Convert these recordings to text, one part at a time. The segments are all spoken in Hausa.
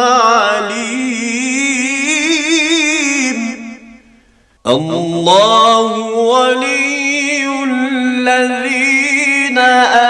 عليم الله ولي الذين آمنوا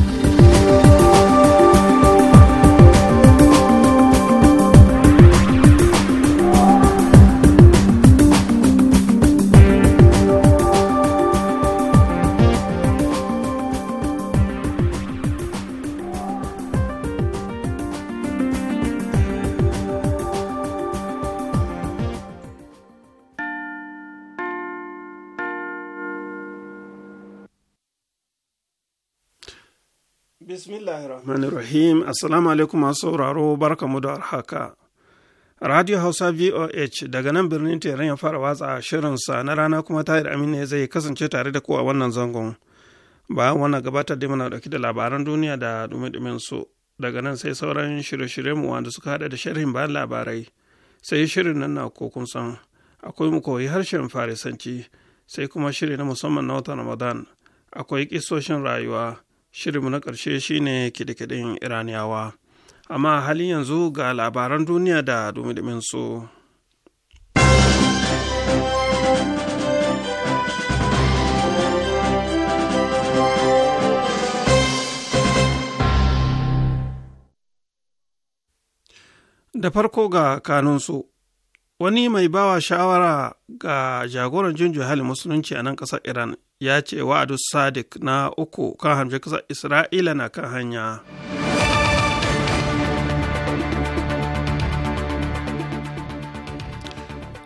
Bismillahirrahmanirrahim. Assalamu alaikum masu sauraro barka mu da alhaka Radio Hausa VOH daga nan birnin Teran ya fara watsa shirinsa na rana kuma Tahir Aminu zai kasance tare da kowa a wannan zangon. Bayan wannan gabatar da muna dauki da labaran duniya da dumi su daga nan sai sauran shirye-shiryen mu wanda suka hada da sharhin bayan labarai. Sai shirin nan na ko kun san akwai mu koyi harshen Farisanci sai kuma shiri na musamman na watan Ramadan akwai kisoshin rayuwa. shirinmu na ƙarshe shine kidikidin iraniyawa amma halin yanzu ga labaran duniya da dumi su. da farko ga kanunsu wani mai bawa shawara ga jagoran jinjin hali musulunci a nan ƙasar iran ya ce wa'adu sadiq na uku kan hamshe kasa isra'ila na kan hanya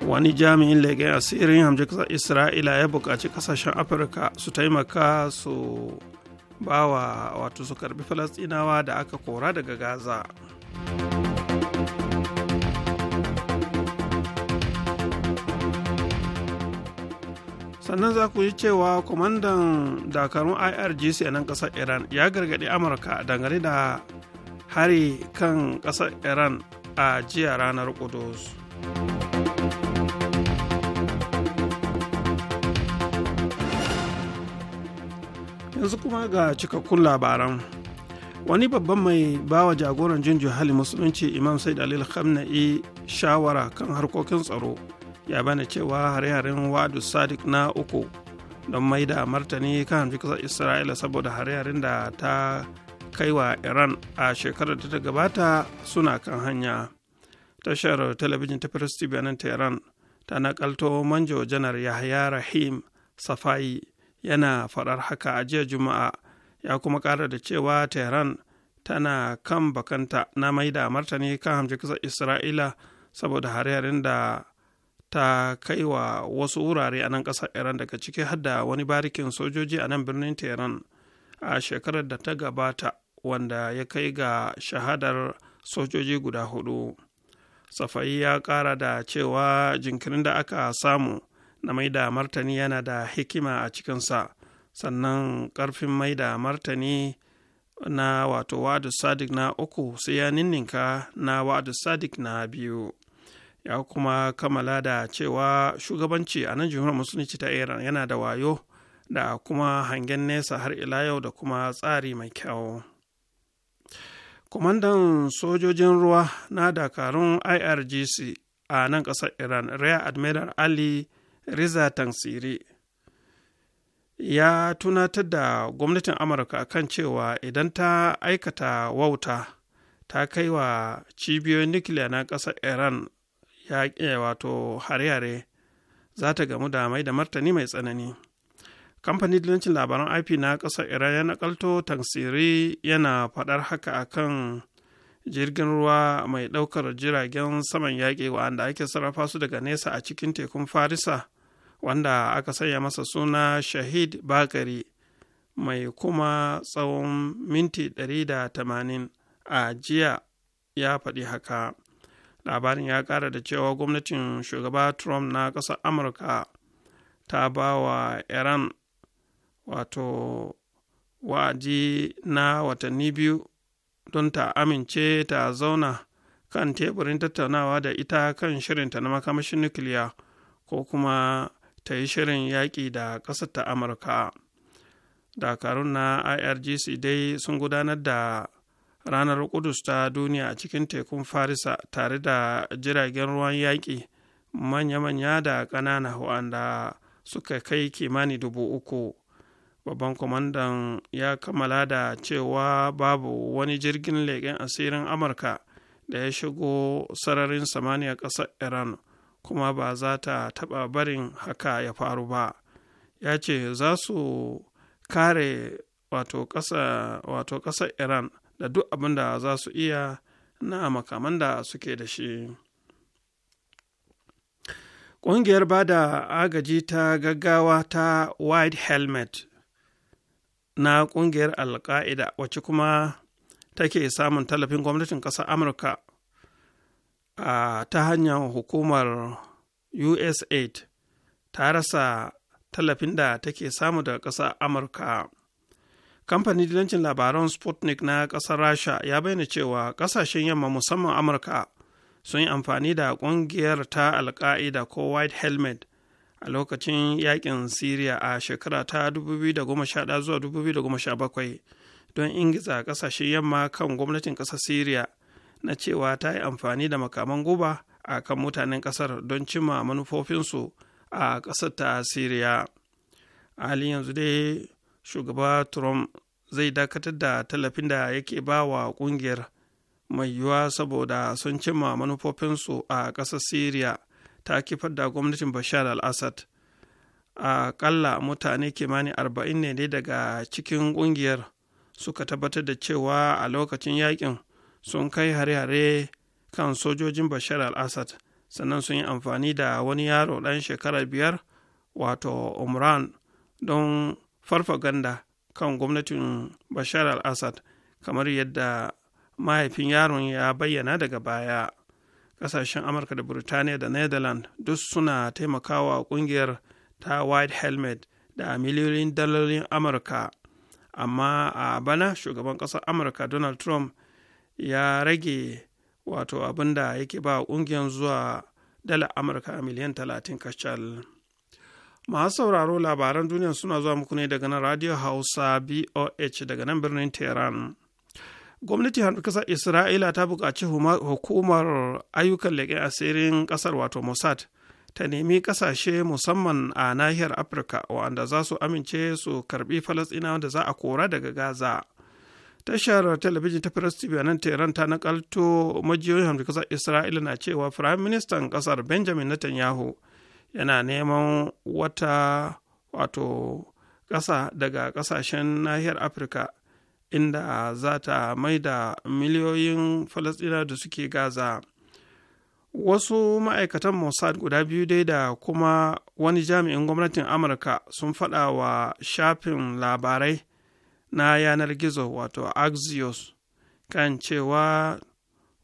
wani jami'in leƙen asirin hamshe kasa isra'ila ya buƙaci ƙasashen afirka su taimaka su bawa wato su karbi falasɗinawa da aka kora daga gaza sannan za ku yi cewa kwamandan dakarun irgc a nan ƙasar iran ya gargaɗi amurka dangane da hari kan ƙasar iran a jiya ranar kudus yanzu kuma ga cikakkun labaran wani babban mai bawa jagoran jinjin hali musulunci imam sai dalil khamna'i shawara kan harkokin tsaro ya bani cewa hare-haren wadu sadiq na uku don mai da martani kan hamfi kasar isra'ila saboda hare-haren da ta kai wa iran a shekarar da ta gabata suna kan hanya tashar talabijin ta first tv nan tehran ta nakalto manjo janar yahya rahim safai yana faɗar haka a jiya juma'a ya kuma ƙara da cewa tehran tana kan bakanta na mai da martani kan hamji kasar isra'ila saboda hare-haren da ta kai wa wasu wurare a nan ƙasar iran daga ciki har da wani barikin sojoji a nan birnin tehran a shekarar da ta gabata wanda ya kai ga shahadar sojoji guda hudu safai ya kara da cewa jinkirin da aka samu na mai martani yana da hikima a cikinsa sannan karfin maida martani na wato wa'adu sadik na uku sai ya ninninka na wa'adu sadik na biyu ya kuma kammala da cewa shugabanci a nan jamhuriyar musulunci ta iran yana da wayo da kuma hangen nesa har ila yau da kuma tsari mai kyau kwamandan sojojin ruwa na dakarun irgc a nan ƙasar iran rear admiral ali riza tansiri ya tunatar da gwamnatin amurka kan cewa idan ta aikata wauta ta kai wa cibiyoyin nukiliya na ƙasar iran ya eh, wato hare-hare za ta gamu da mai da martani mai tsanani kamfanin dillancin labaran ip na ƙasar iran ya nakalto tansiri yana faɗar haka akan jirgin ruwa mai ɗaukar jiragen saman yaƙi wanda ake sarrafa su daga nesa a cikin tekun farisa wanda aka sanya masa suna shahid bakari mai kuma tsawon minti 180 a jiya ya faɗi haka labarin ya kara da cewa gwamnatin shugaba trump na ƙasar amurka ta ba wa iran wato wa'adi na watanni biyu don ta amince ta zauna kan teburin tattaunawa da ita kan shirinta na makamashin nukiliya ko kuma ta yi shirin yaƙi da ƙasar ta amurka dakarun na irgc dai sun gudanar da ranar Kudus ta duniya a cikin tekun Farisa tare da jiragen ruwan yaƙi manya-manya da ƙanana wanda suka kai kimani dubu uku. Babban kwamandan ya kammala da cewa babu wani jirgin leƙen asirin Amurka da ya shigo sararin samaniya ƙasar Iran kuma ba za ta taɓa barin haka ya faru ba. Ya ce za su kare wato ƙasar Iran. da duk abin da za su iya na makaman da suke da shi ƙungiyar ba da agaji ta gaggawa ta white helmet na ƙungiyar alka'ida wacce kuma take samun tallafin gwamnatin ƙasar amurka ta hanyar hukumar usaid ta rasa tallafin da take samu daga ƙasar amurka kamfanin dilancin labaran sputnik na ƙasar rasha ya bayyana cewa ƙasashen yamma musamman amurka sun yi amfani da ƙungiyar ta alka'ida ko white helmet a lokacin yakin syria a shekara ta 2011 zuwa 2017 don ingiza ƙasashen yamma kan gwamnatin ƙasar syria na cewa ta yi amfani da makaman guba a kan mutanen ƙasar don cimma manufofinsu a ƙasar ta syria a halin yanzu dai shugaba trump zai dakatar da tallafin da yake ba wa kungiyar mai yiwuwa saboda sun cimma manufofinsu a ƙasar syria ta kifar da gwamnatin bashar al-assad aƙalla mutane kimanin arba'in ne ne daga cikin ƙungiyar suka tabbatar da cewa a lokacin yakin sun kai hare-hare kan sojojin bashar al-assad sannan sun yi amfani da wani yaro ɗan shekara biyar wato umran don farfaganda kan gwamnatin bashar al-assad kamar yadda mahaifin yaron ya bayyana daga baya kasashen amurka da burtaniya da netherlands duk suna taimakawa kungiyar ta white helmet da miliyoyin dalolin amurka amma a bana shugaban ƙasar amurka donald trump ya rage wato abin da yake ba kungiyar zuwa dala amurka miliyan 30 kacal. masu sauraro labaran duniya suna zuwa muku ne daga nan radio hausa boh daga nan birnin tehran gwamnati hannun kasar isra'ila ta buƙaci hukumar ayyukan leƙen asirin ƙasar wato mossad ta nemi ƙasashe musamman a nahiyar afirka wanda za su amince su karbi falasɗinawa da za a kora daga gaza tashar talabijin ta firas tv nan tehran ta nakalto majiyoyin hamdu kasar isra'ila na cewa firayim ministan ƙasar benjamin netanyahu yana neman wata wato ƙasa daga ƙasashen nahiyar afirka inda za ta da miliyoyin falasɗina da suke gaza wasu ma'aikatan mossad guda biyu dai da kuma wani jami'in gwamnatin amurka sun faɗa wa shafin labarai na yanar gizo wato axios kan cewa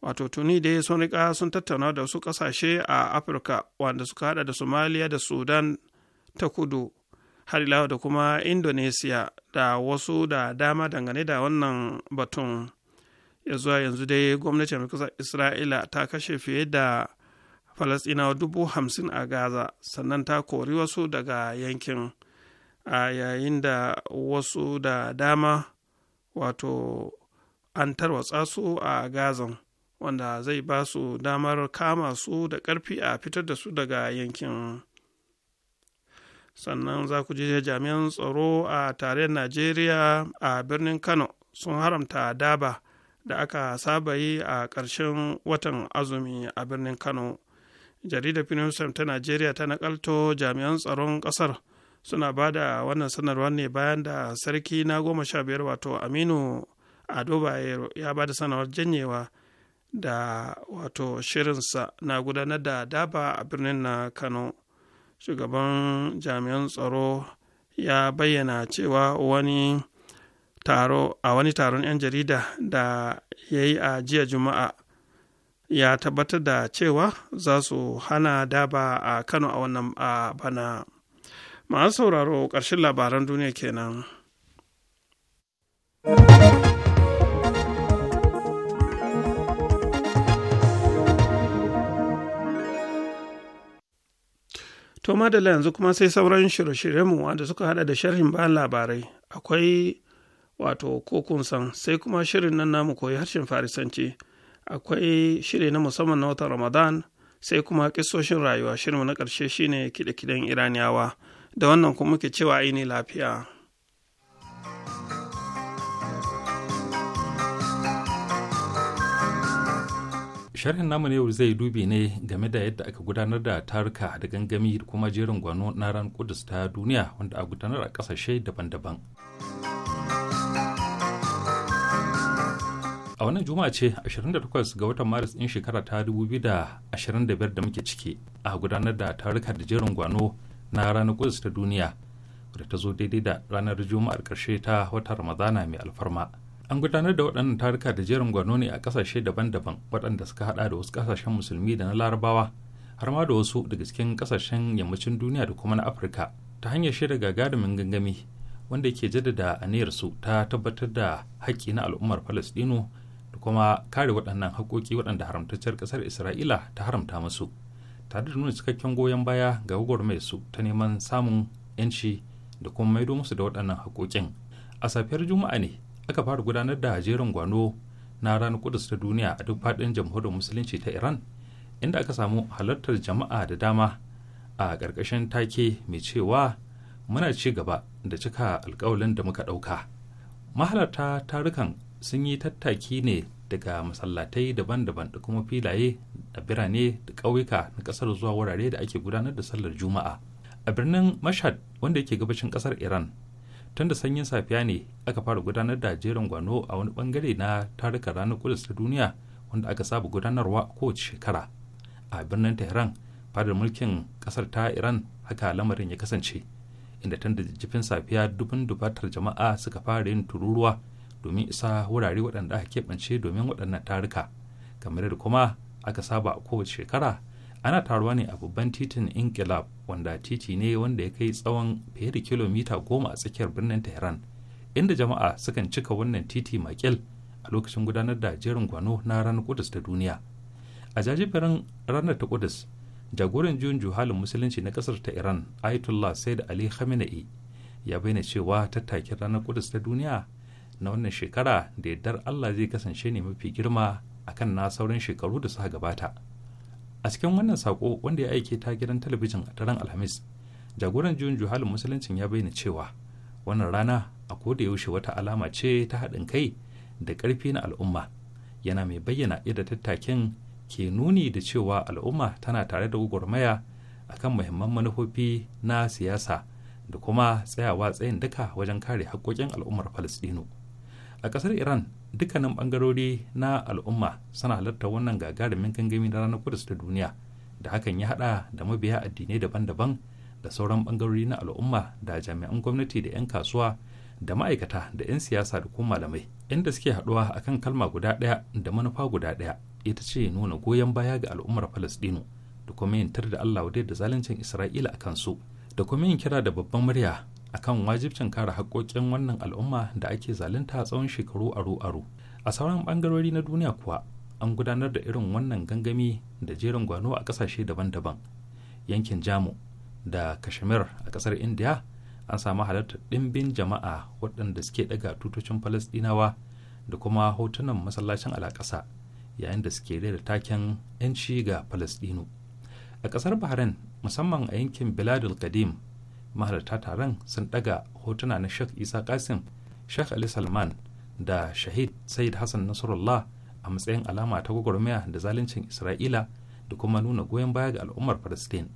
wato tuni dai sun rika sun tattauna da wasu kasashe a afirka wanda suka hada da somaliya da sudan ta kudu har ila da kuma indonesia da wasu da dama dangane da wannan batun ya zuwa yanzu dai gwamnatin amurka isra'ila ta kashe fiye da falasɗinawa dubu hamsin a gaza sannan ta kori wasu daga yankin a yayin da wasu da dama wato an tarwatsa su a gazan wanda zai ba su damar kama su da ƙarfi a fitar da su daga yankin sannan za ku je jami'an tsaro a tarayyar najeriya a birnin kano sun haramta daba da aka saba yi a ƙarshen watan azumi a birnin kano jaridar finisar ta najeriya ta nakalto jami'an tsaron ƙasar suna ba da wannan sanarwar ne bayan da sarki na goma sha biyar wato aminu adoba ya ba da sanarwar janyewa da wato shirinsa na gudanar da daba a birnin na kano shugaban jami'an tsaro ya bayyana cewa wani taro a wani taron 'yan jarida da ya yi a jiya juma'a ya tabbatar da cewa za su hana daba a kano a wannan a bana masu sauraro ƙarshen labaran duniya kenan. To madalla yanzu kuma sai sauran shirye-shiryenmu wanda suka hada da sharhin bayan labarai akwai wato san sai kuma shirin nan namu koyi harshen farisanci akwai shiri na musamman na watan ramadan sai kuma kisoshin rayuwa shirinmu na karshe shine kide-kiden iraniyawa da wannan kuma muke cewa aini lafiya. sharhin namu ne yau zai dubi ne game da yadda aka gudanar da taruka da gangami da kuma jerin gwano na ran kudus ta duniya wanda a gudanar a kasashe daban-daban a wannan juma'a ce 28 ga watan maris in shekara ta 2025 da muke ciki a gudanar da taruka da jerin gwano na ranar kudus ta duniya wadda ta zo daidai da ranar juma'ar karshe ta watan ramadana mai alfarma an gudanar da waɗannan taruka da jerin gwano ne a ƙasashe daban-daban waɗanda suka haɗa da wasu ƙasashen musulmi da na larabawa har ma da wasu daga cikin ƙasashen yammacin duniya da kuma na afirka ta hanyar shirya gagarumin gangami wanda ke jaddada aniyarsu ta tabbatar da haƙƙi na al'ummar falastino da kuma kare waɗannan haƙoƙi waɗanda haramtacciyar ƙasar isra'ila ta haramta musu tare da nuna cikakken goyon baya ga mai su ta neman samun 'yanci da kuma maido musu da waɗannan haƙoƙin a safiyar juma'a ne aka fara gudanar da jerin gwano na ranar kudus ta duniya a duk faɗin jamhuriyar musulunci ta iran inda aka samu halartar jama'a da dama a ƙarƙashin take mai cewa muna ci gaba da cika alkawalin da muka ɗauka mahalarta tarukan sun yi tattaki ne daga masallatai daban-daban da kuma filaye a birane da ƙauyuka na ƙasar zuwa wurare da ake gudanar da sallar juma'a a birnin mashhad wanda yake gabashin ƙasar iran tun da sanyin safiya ne aka fara gudanar da jerin gwano a wani bangare na taruka ranar kudus ta duniya wanda aka saba gudanarwa kowace shekara a birnin tehran fadar mulkin kasar ta iran haka lamarin ya kasance inda tun da jifin safiya dubin dubatar jama'a suka fara yin tururuwa domin isa wurare waɗanda aka keɓance domin waɗannan taruka kamar da kuma aka saba a kowace shekara ana taruwa ne a babban titin inkilab wanda titi ne wanda ya kai tsawon fiye da kilomita goma a tsakiyar birnin tehran inda jama'a sukan cika wannan titi makil a lokacin gudanar da jerin gwano na ranar kudus ta duniya a jajiberin ranar ta kudus jagoran juyin juhalin musulunci na kasar ta iran ayatollah said ali khamenei ya bayyana cewa tattakin ranar kudus ta duniya na wannan shekara da yardar allah zai kasance ne mafi girma akan na sauran shekaru da suka gabata a cikin wannan sako wanda ya aike ta gidan talabijin a daren alhamis jagoran juyin juhalin musuluncin ya bayyana cewa wannan rana a koda yaushe wata alama ce ta haɗin kai da ƙarfi na al'umma yana mai bayyana yadda tattakin ke nuni da cewa al'umma tana tare da gwagwarmaya akan muhimman manufofi na siyasa da kuma tsayawa tsayin duka wajen kare haƙƙoƙin al'ummar falasɗinu a ƙasar iran dukkanin bangarori na al'umma suna halarta wannan gagarumin gangami na ranar kudus ta duniya da hakan ya hada da mabiya addinai daban-daban da sauran bangarori na al'umma da jami'an gwamnati da 'yan kasuwa da ma'aikata da 'yan siyasa da kuma malamai inda suke haduwa akan kalma guda ɗaya da manufa guda ɗaya ita ce nuna goyon baya ga al'ummar Falasɗinu da kuma yin tar da allah wadai da zaluncin isra'ila a kansu da kuma yin kira da babban murya akan wajibcin kare haƙoƙin wannan al'umma da ake zalunta tsawon shekaru aro-aro a sauran ɓangarori na duniya kuwa an gudanar da irin wannan gangami da jerin gwano a ƙasashe daban-daban yankin jamu da kashmir a ƙasar indiya an samu halartar ɗimbin jama'a waɗanda suke ɗaga tutocin falasɗinawa da kuma hotunan masallacin alaƙasa yayin da suke da taken 'yanci ga falasɗinu a ƙasar bahrain musamman a yankin biladul kadim mahalarta taron sun daga hotuna na sheikh isa kasim sheikh ali salman da shahid said hassan nasrullah a matsayin alama ta gwagwarmaya da zaluncin isra'ila da kuma nuna goyon baya ga al'ummar palestine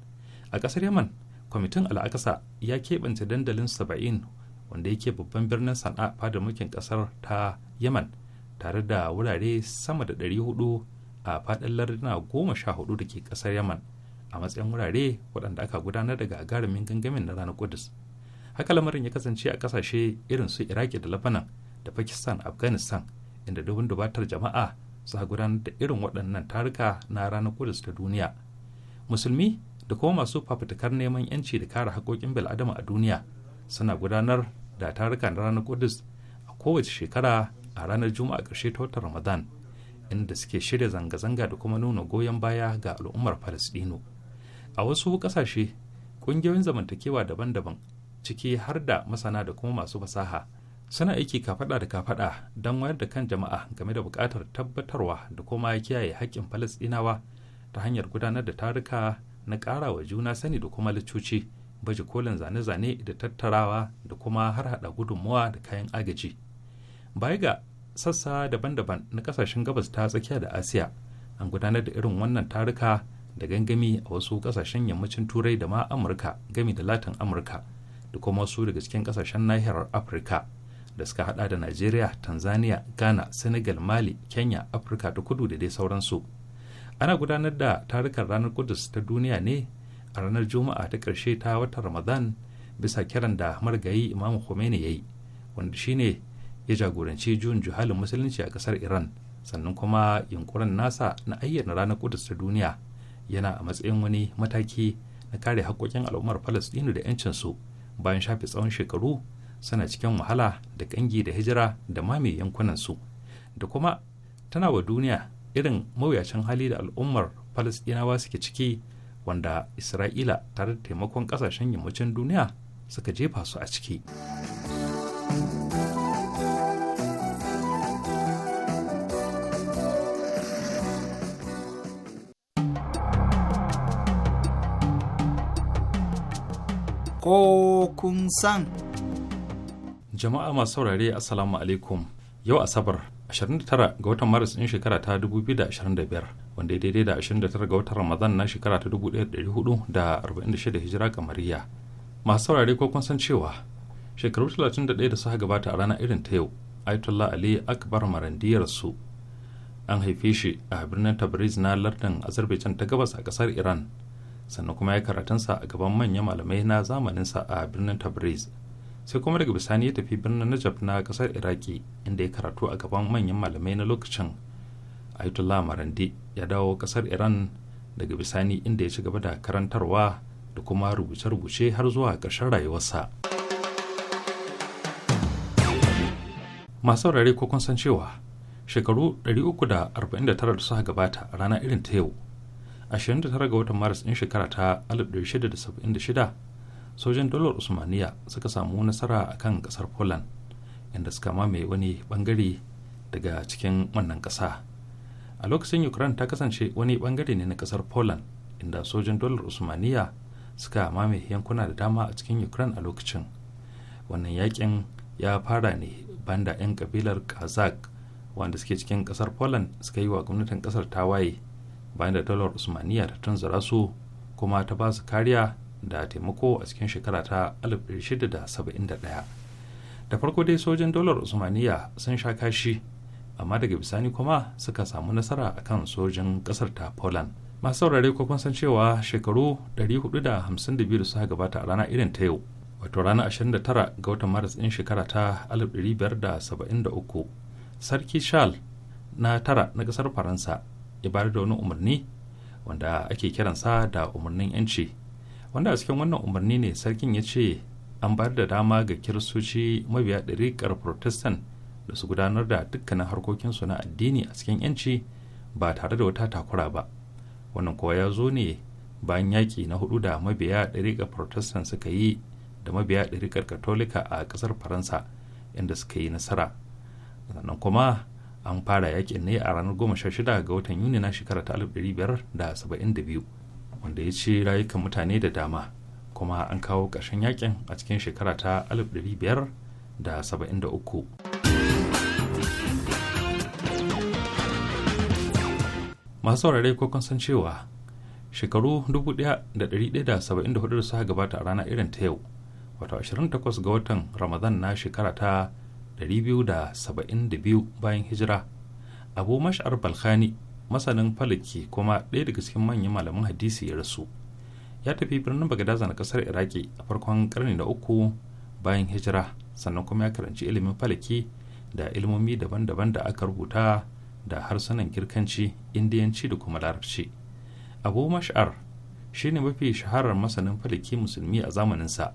a ƙasar yaman kwamitin al'akasa ya keɓance dandalin saba'in wanda yake babban birnin sana'a fadar mulkin ƙasar ta yaman tare da wurare sama da 400 a faɗin larduna goma sha hudu da ke ƙasar yaman a matsayin wurare waɗanda aka gudanar da gagarumin gangamin na ranar kudus haka lamarin ya kasance a ƙasashe irin su iraki da labanan da pakistan afghanistan inda dubin dubatar jama'a za gudanar da irin waɗannan taruka na ranar kudus ta duniya musulmi da kuma masu fafutukar neman yanci da kare haƙoƙin bil'adama a duniya suna gudanar da taruka na ranar kudus a kowace shekara a ranar juma'a ƙarshe ta watan ramadan inda suke shirya zanga-zanga da kuma nuna goyon baya ga al'ummar falasɗinu a wasu ƙasashe ƙungiyoyin zamantakewa daban-daban ciki har da masana da kuma masu fasaha suna aiki kafada da kafada don wayar da kan jama'a game da buƙatar tabbatarwa da kuma kiyaye haƙƙin falasɗinawa ta hanyar gudanar da taruka na ƙara wa juna sani da kuma licoci baje kolin zane-zane da tattarawa da kuma har hada gudunmuwa da kayan agaji baya ga sassa daban-daban na ƙasashen gabas ta tsakiya da asiya an gudanar da irin wannan taruka da gangami a wasu kasashen yammacin turai da ma amurka gami da latin amurka da kuma wasu daga cikin kasashen nahiyar afirka da suka hada da najeriya tanzania ghana senegal mali kenya afirka ta kudu da dai sauransu ana gudanar da tarukan ranar kudus ta duniya ne a ranar juma'a ta ƙarshe ta watan ramadan bisa kiran da margayi imamu khomeini ya yi wanda shine ya jagoranci juyin juhalin musulunci a kasar iran sannan kuma yunkurin nasa na ayyana ranar kudus ta duniya yana a matsayin wani mataki na kare hakokin al'ummar falastinu da 'yancinsu bayan shafe tsawon shekaru suna cikin wahala da ƙangi da hijira da mame yankunansu da kuma tana wa duniya irin mawuyacin hali da al'ummar falastinawa suke ciki wanda isra'ila tare da taimakon ƙasashen yammacin duniya suka jefa su a ciki. ko kun san. Jama'a masu saurare Assalamu alaikum yau Asabar 29 ga watan Maris ɗin shekara ta 2025 wanda ya daidai da 29 ga watan Ramadan na shekara ta 1446 hijira kamariya. Masu saurare ko kun san cewa shekaru 31 da suka gabata a ranar irin ta yau Aitullah Ali Akbar Marandiyar su an haife shi a birnin Tabriz na lardin Azerbaijan ta gabas a ƙasar Iran. sannan kuma ya karatunsa a gaban manyan malamai na zamaninsa a birnin tabriz sai kuma daga bisani ya tafi birnin najaf na kasar iraki inda ya karatu a gaban manyan malamai na lokacin ayatollah marandi ya dawo kasar iran daga bisani inda ya ci gaba da karantarwa da kuma rubuce-rubuce har zuwa ƙarshen rayuwarsa masu rare ko kun san cewa shekaru 349 da suka gabata a rana irin ta yau 29 ga watan maris ɗin shekara ta 1676 sojan- dolar usmaniya suka samu nasara a kan ƙasar poland inda suka mamaye wani bangare daga cikin wannan ƙasa a lokacin ukraine ta kasance wani bangare ne na ƙasar poland inda sojan dolar usmaniya suka mamaye yankuna da dama a cikin ukraine a lokacin wannan yakin ya fara ne banda 'yan kabilar kazakh wanda suke cikin ƙasar poland suka yi wa gwamnatin ƙasar tawaye bayan da daular usmaniya ta tanzara su kuma ta ba su kariya da taimako a cikin shekara ta 1671 da farko dai sojin daular usmaniya sun sha kashi amma daga bisani kuma suka samu nasara a kan sojin kasar ta poland masu saurare ko kun san cewa shekaru 452 da suka gabata a rana irin ta yau wato rana 29 ga watan maris din shekara ta 1573 sarki charles na tara na kasar faransa ya bayar da wani umarni wanda ake kiransa da umarnin yanci wanda a cikin wannan umarni ne sarkin ya ce an bayar da dama ga kiristoci mabiya ɗariƙar protestant da su gudanar da dukkanin harkokinsu na addini a cikin yanci ba tare da wata takura ba wannan kowa ya zo ne bayan yaƙi na hudu da mabiya ɗariƙar protestant suka yi da mabiya ɗariƙar katolika a ƙasar faransa inda suka yi nasara sannan kuma an fara yakin ne a ranar 16 ga watan yuni na shekara ta 1572 wanda ya ce rayukan mutane da dama kuma an kawo ƙarshen yakin a cikin shekara ta 1573 masu saurare ko kun san cewa shekaru 1174 da suka gabata a rana irin ta yau wato 28 ga watan ramadan na shekara ta 272 bayan hijira abu mash'ar balkhani masanin falaki kuma ɗaya daga cikin manyan malaman hadisi ya rasu ya tafi birnin bagadaza na ƙasar iraki a farkon karni na uku bayan hijira sannan kuma ya karanci ilimin falaki da ilmomi daban-daban da aka rubuta da harsunan girkanci indiyanci da kuma larabci abu mash'ar shine mafi shaharar masanin falaki musulmi a zamaninsa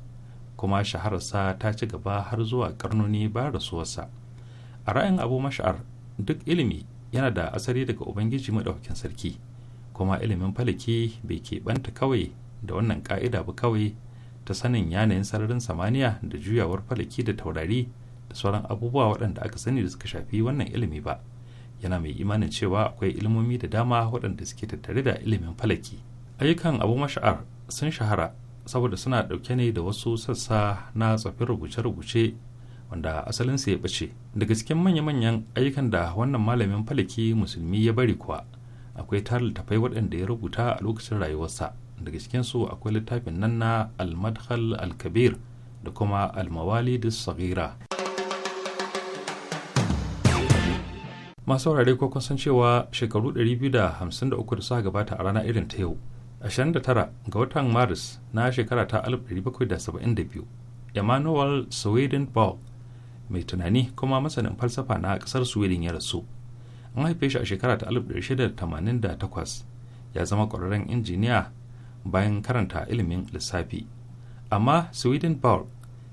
kuma shahararsa ta ci gaba har zuwa karnoni ba rasuwarsa a ra'ayin abu mash'ar duk ilimi yana da asali daga ubangiji maɗaukin sarki kuma ilimin falaki bai keɓanta kawai da wannan ƙa'ida ba kawai ta sanin yanayin sararin samaniya da juyawar falaki da taurari da sauran abubuwa waɗanda aka sani da suka shafi wannan ilimi ba yana mai imanin cewa akwai ilimomi da dama waɗanda suke tattare da ilimin falaki ayyukan abu mash'ar sun shahara saboda suna ɗauke ne da wasu sassa na tsafin rubuce-rubuce wanda asalinsu ya ɓace daga cikin manya-manyan ayyukan da wannan malamin falaki musulmi ya bari kuwa akwai tarin littafai waɗanda ya rubuta a lokacin rayuwarsa daga cikin su akwai littafin nan na al alkabir da kuma al-mawalid sagira masu saurare ko kun san cewa shekaru 253 da suka gabata a rana irin ta yau 29 ga watan maris na shekara ta 1772 emmanuel swedenborg mai tunani kuma masanin falsafa na kasar sweden ya rasu an haife shi a shekara ta 1688 ya zama ƙwararren injiniya bayan karanta ilimin lissafi amma swedenborg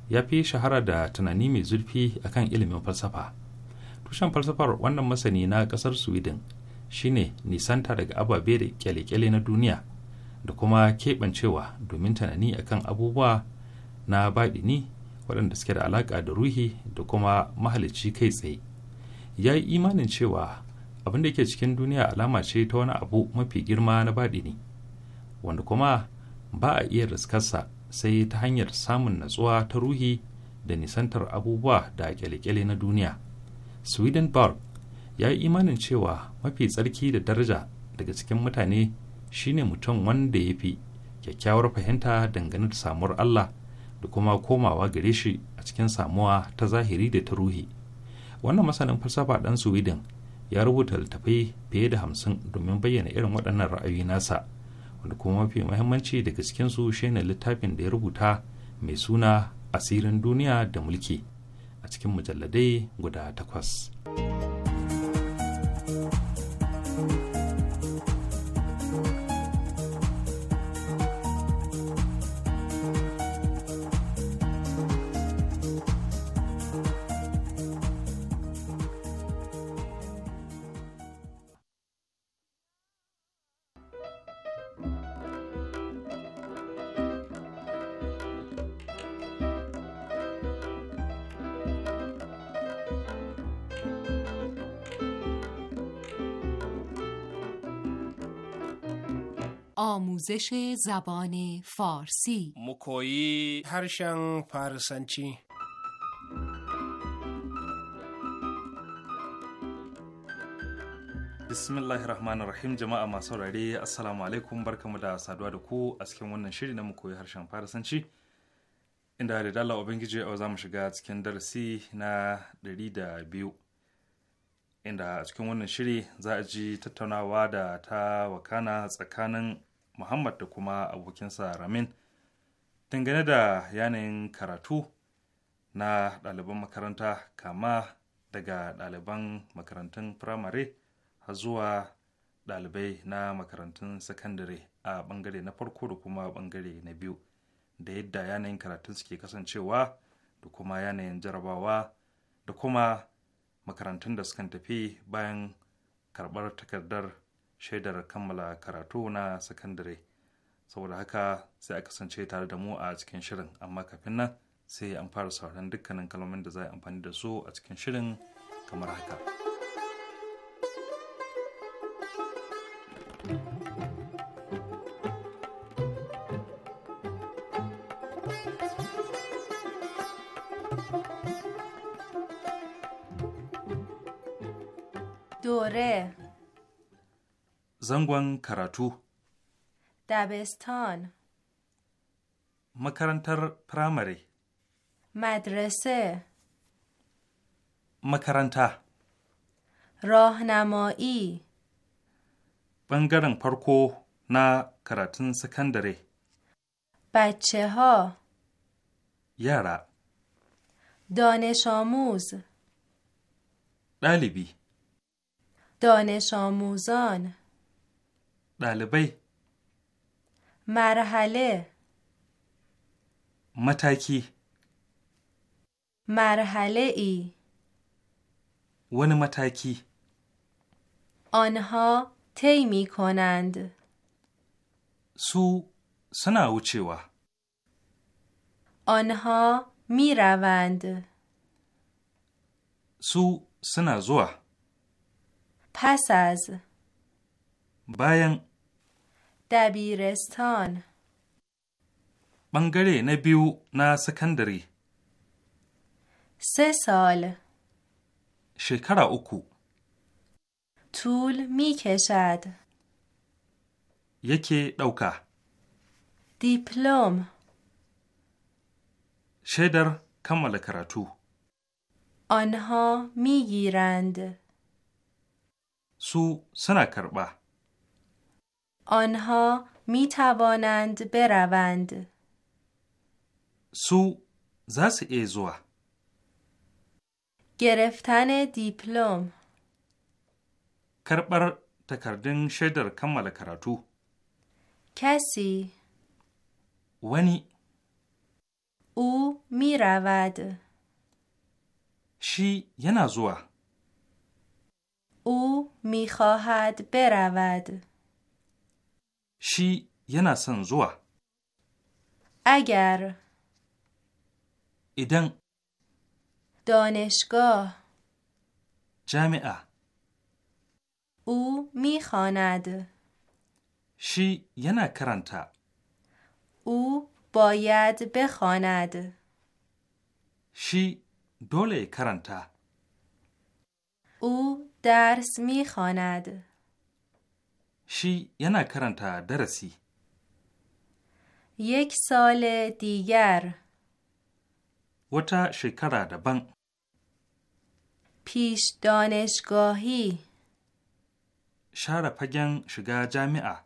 ya fi shahara da tunani mai zurfi akan ilimin falsafa tushen falsafar wannan masani na kasar sweden shine nisanta daga ababe da kyale-kyale na duniya da kuma keɓancewa domin tunani kan abubuwa na baɗi ni waɗanda suke da alaƙa da ruhi da kuma mahalicci kai tsaye ya yi imanin cewa abin da ke cikin duniya alama ce ta wani abu mafi girma na baɗi ne wanda kuma ba a iya riskarsa sai ta hanyar samun natsuwa ta ruhi da nisantar abubuwa da kyale-kyale na duniya swedenborg ya yi imanin cewa mafi tsarki da daraja daga cikin mutane shine mutum wanda ya fi kyakkyawar fahimta dangane da samuwar Allah da kuma komawa gare shi a cikin samuwa ta zahiri da ta ruhi wannan masanin falsafa ɗan sweden ya rubuta littattafai fiye da hamsin domin bayyana irin waɗannan ra'ayoyi nasa wanda kuma mafi muhimmanci daga cikinsu shine littafin da ya rubuta mai suna asirin duniya da mulki a cikin mujalladai guda takwas. آموزش زبان فارسی مکویی هرشن فارسنچی bismillahi rahmanir rahim jama'a masu saurare assalamu alaikum barkamu da saduwa da ku a cikin wannan shiri na mu koyi harshen farisanci inda da dala ubangiji yau za mu shiga cikin darasi na ɗari da biyu inda a cikin wannan shiri za a ji tattaunawa da ta wakana tsakanin muhammad da kuma abokinsa ramin dangane da yanayin karatu na ɗaliban makaranta kama daga ɗaliban makarantun firamare har zuwa ɗalibai na makarantun sakandare a ɓangare na farko da kuma ɓangare na biyu da yadda yanayin karatun suke kasancewa da kuma yanayin jarabawa da kuma makarantun da sukan tafi bayan karɓar takardar shaidar kammala karatu na sakandare saboda haka sai a kasance tare da mu a cikin shirin amma kafin nan sai an fara sauran dukkanin kalmomin da za a amfani da su a cikin shirin kamar haka. dore. zangon karatu. Dabestan. Makarantar firamare. Madrasa. Makaranta. Rahnamo'i. Ɓangaren farko na karatun sakandare. Bace ha. Yara. دانش آموز Dalibi. دانش آموزان ɗalibai marhale mataki marhale'i wani mataki onha taimi konand su suna wucewa onha miravand su suna zuwa Fasas. bayan دبیرستان بنگلی نبیو نا سکندری سه سال شکر اوکو طول می کشد یکی دوکه دیپلوم شدر کمال کراتو آنها می گیرند سو سنا کربه آنها می توانند بروند. سو زس ایزوه گرفتن دیپلم کربر تکردن شدر کمال کراتو کسی ونی او می شی ینا زوا او می خواهد برود شی ینا سن زوا اگر ایدن دانشگاه جامعه او میخواند شی ینا کرانتا او باید بخواند شی دوله کرانتا او درس میخواند shi yana karanta darasi. Yek sale diyar. Wata shekara daban. Pish donishgohi. Share fagen shiga jami'a.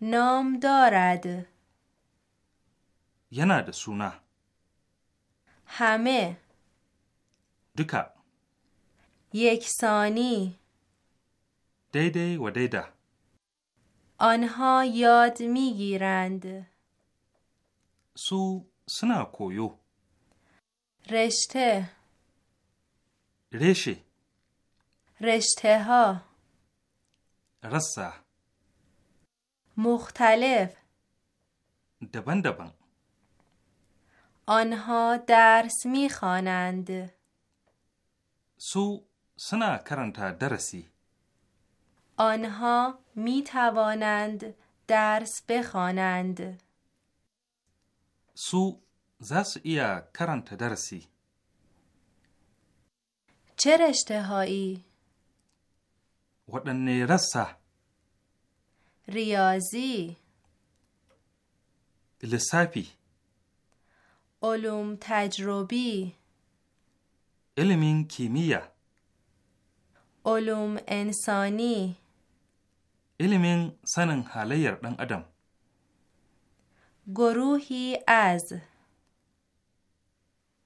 Nom dorad. Yana da suna. Hame. Duka. یکسانی دیدی و دیده آنها یاد میگیرند سو سنا کویو رشته رشی رشته ها رسه مختلف دبن دبن آنها درس میخوانند سو سنا کرنتا درسی آنها می توانند درس بخوانند. سو زس ایا کرنت درسی چه رشته هایی؟ رسه ریاضی لسابی علوم تجربی علم کیمیا علوم انسانی ilimin sanin halayyar ɗan adam guruhi az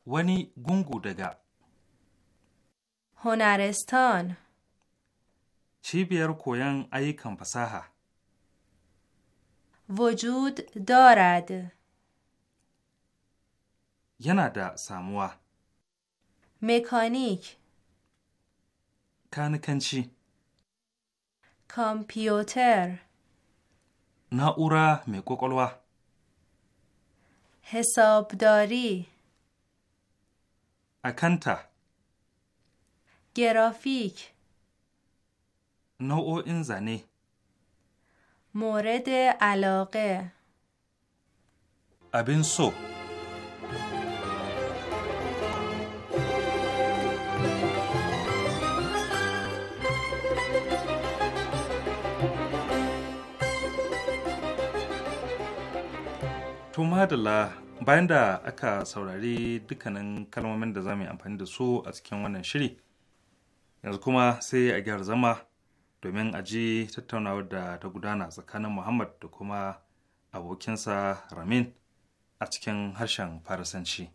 wani gungu daga honarestan cibiyar koyon ayyukan fasaha Vujud dorad yana da samuwa mekanik kanikanci کامپیوتر ناورا می حسابداری اکنتا گرافیک او این زنه مورد علاقه ابن To madalla bayan da aka saurari dukkanin kalmomin da za mu yi amfani da su a cikin wannan shiri yanzu kuma sai a gyara zama domin a ji tattaunawar da ta gudana tsakanin Muhammad da kuma abokinsa Ramin a cikin harshen Farisanci.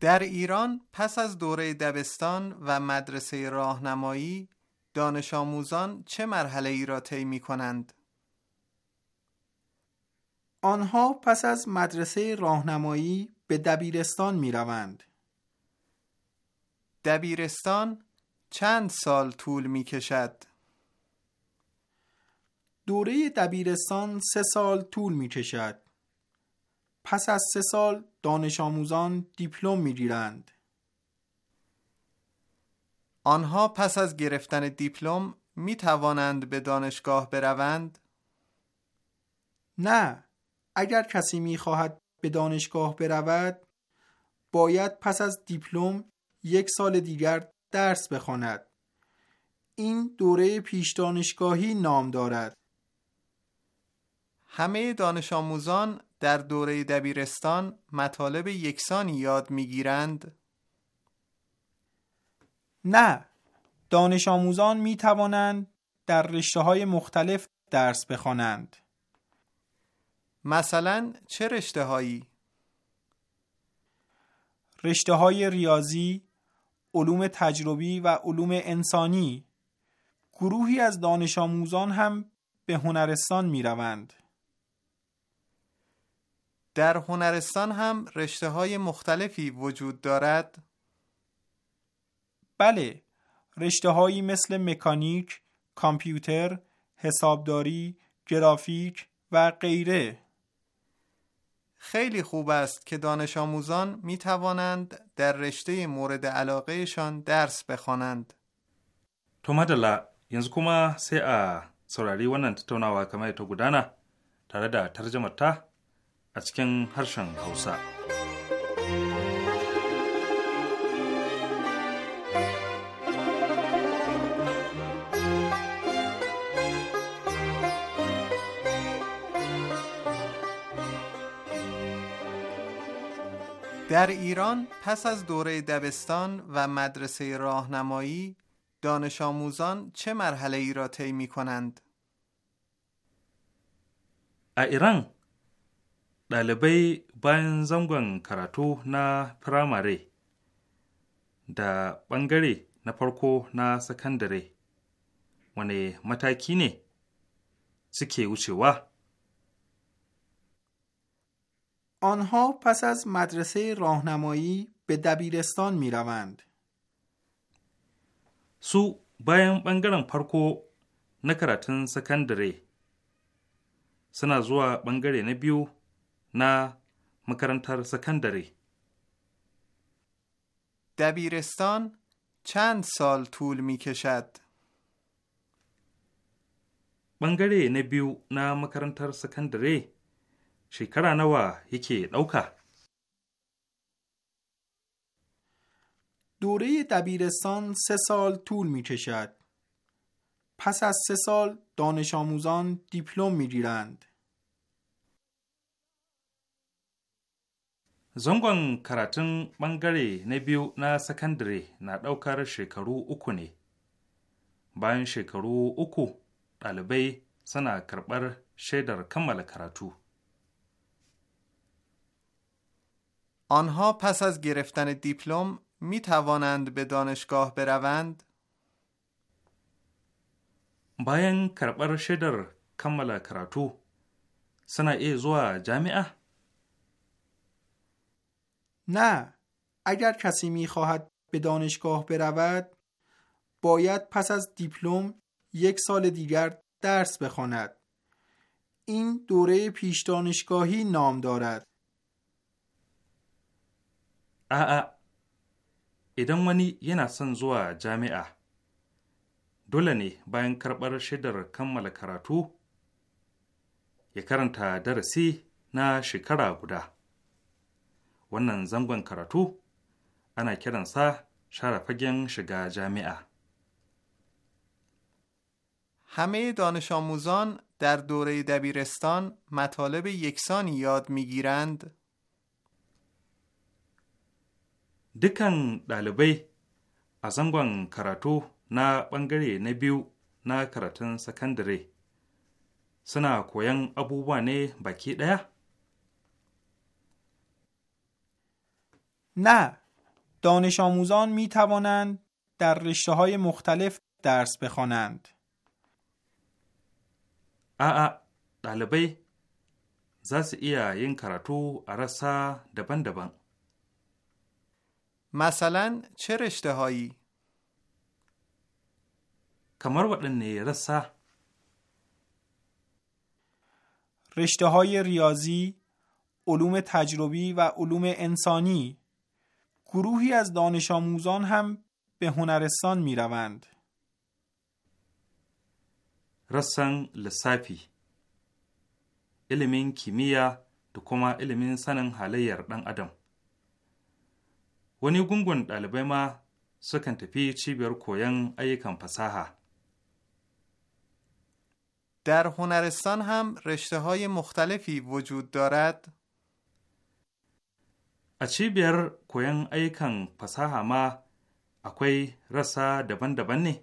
در ایران پس از دوره دبستان و مدرسه راهنمایی دانش آموزان چه مرحله ای را طی می کنند؟ آنها پس از مدرسه راهنمایی به دبیرستان می روند. دبیرستان چند سال طول می کشد؟ دوره دبیرستان سه سال طول می کشد. پس از سه سال دانش آموزان دیپلم می گیرند. آنها پس از گرفتن دیپلم می توانند به دانشگاه بروند؟ نه اگر کسی میخواهد به دانشگاه برود باید پس از دیپلم یک سال دیگر درس بخواند این دوره پیش دانشگاهی نام دارد همه دانش آموزان در دوره دبیرستان مطالب یکسانی یاد میگیرند نه دانش آموزان می توانند در رشته های مختلف درس بخوانند مثلا چه رشته هایی؟ رشته های ریاضی، علوم تجربی و علوم انسانی گروهی از دانش آموزان هم به هنرستان می روند. در هنرستان هم رشته های مختلفی وجود دارد؟ بله، رشته هایی مثل مکانیک، کامپیوتر، حسابداری، گرافیک و غیره خیلی خوب است که دانش آموزان می توانند در رشته مورد علاقهشان درس بخوانند. تو مدلا ینزو کما سی ا سوراری ونن تتوناوا کما تو گدانا تاره دا ترجمه تا a cikin harshen Hausa. در ایران پس از دوره دبستان و مدرسه راهنمایی دانش آموزان چه مرحله ای را طی می کنند؟ ایران دالبه باین زمگان کراتو نا پراماری دا بانگری نا پرکو نا سکندری ونی متاکینی سکی وچی واه آنها پس از مدرسه راهنمایی به دبیرستان می روند. سو باین بنگرن فرکو نکراتن سکندری سنا زوا بنگره نبیو نا مکرنتر سکندری دبیرستان چند سال طول می کشد؟ بنگره نبیو نا مکرنتر سکندری shekara nawa yake ɗauka? دوره دبیرستان سه سال طول می کشد. پس از سه سال zangon karatun ɓangare na biyu na sakandare na ɗaukar shekaru uku ne bayan shekaru uku ɗalibai suna karɓar shaidar kammala karatu آنها پس از گرفتن دیپلم می توانند به دانشگاه بروند؟ باین کربر شدر کملا کراتو سنا ای زوا نه اگر کسی می خواهد به دانشگاه برود باید پس از دیپلم یک سال دیگر درس بخواند این دوره پیش دانشگاهی نام دارد a'a idan wani yana son zuwa jami'a dole ne bayan karɓar shaidar kammala karatu ya karanta darasi na shekara guda wannan zangon karatu ana kiransa share fagen shiga jami'a همه دانش آموزان در دوره دبیرستان مطالب یکسانی یاد گیرند Dukan ɗalibai a zangon karatu na ɓangare na biyu na karatun sakandare suna koyan abubuwa ne baki ɗaya? نه دانش آموزان می توانند در رشته های مختلف درس بخوانند. آ ɗalibai za su iya yin karatu a rasa daban-daban. مثلا چه رشته هایی؟ کمر رسه رشته های ریاضی، علوم تجربی و علوم انسانی گروهی از دانش آموزان هم به هنرستان می روند. رسن لسافی علمین کیمیا دو کما علمین سنن دان ɗan ادم. wani gungun ɗalibai ma sukan tafi cibiyar koyon ayyukan fasaha. در هنرستان هم رشته های مختلفی وجود دارد؟ اچیبیر کوین ایکن پساها ما اکوی رسا دبن دبن نی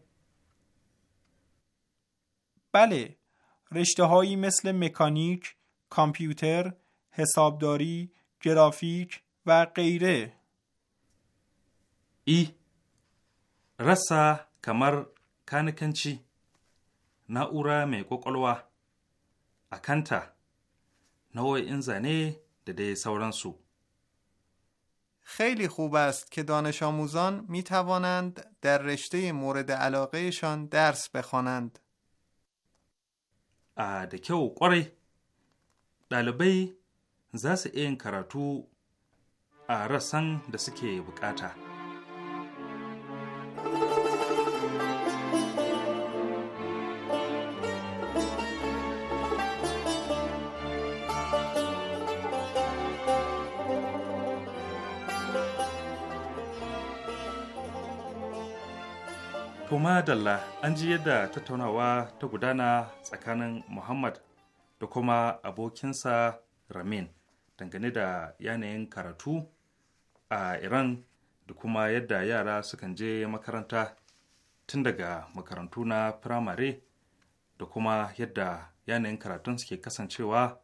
بله، رشته هایی مثل مکانیک، کامپیوتر، حسابداری، گرافیک و غیره i rasa kamar kanikanci na'ura mai ƙwaƙwalwa a kanta nau'o'in zane da dai sauransu. خیلی خوب است که دانش آموزان می توانند در رشته مورد علاقهشان درس بخوانند. da kyau kwarai ɗalibai za su iya karatu a rassan da suke buƙata. Kuma Dalla an ji yadda tattaunawa ta gudana tsakanin muhammad da kuma abokinsa ramin dangane da yanayin karatu a iran da kuma yadda yara sukan je makaranta tun daga makarantu na firamare da kuma yadda yanayin karatun suke kasancewa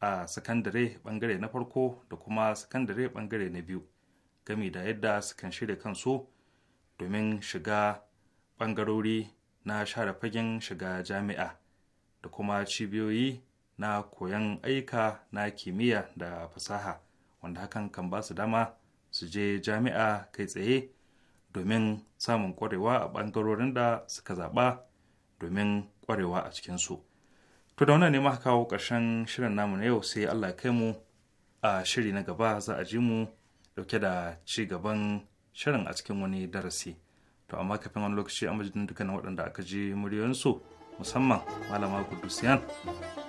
a sakandare bangare na farko da kuma sakandare bangare na biyu gami da yadda sukan shirya kansu domin shiga Bangarori na share fagen shiga jami'a da kuma cibiyoyi na koyon aika na kimiyya da fasaha wanda hakan kan ba su dama su je jami'a kai tsaye domin samun ƙwarewa a ɓangarorin da suka zaɓa domin ƙwarewa a cikinsu. To da wannan ne maka kawo ƙarshen shirin namu na yau sai Allah kai mu a shiri na gaba za a ji mu dauke da ci gaban shirin a cikin wani darasi. to amma kafin wani lokaci a duka dukkanin waɗanda aka ji muryoyinsu musamman malama kudusiyan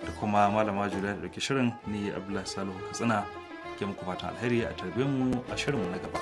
da kuma malama juliya da ɗauki shirin ni abdullahi salihu katsina ke muku fatan alheri a tarbe mu a shirinmu na gaba.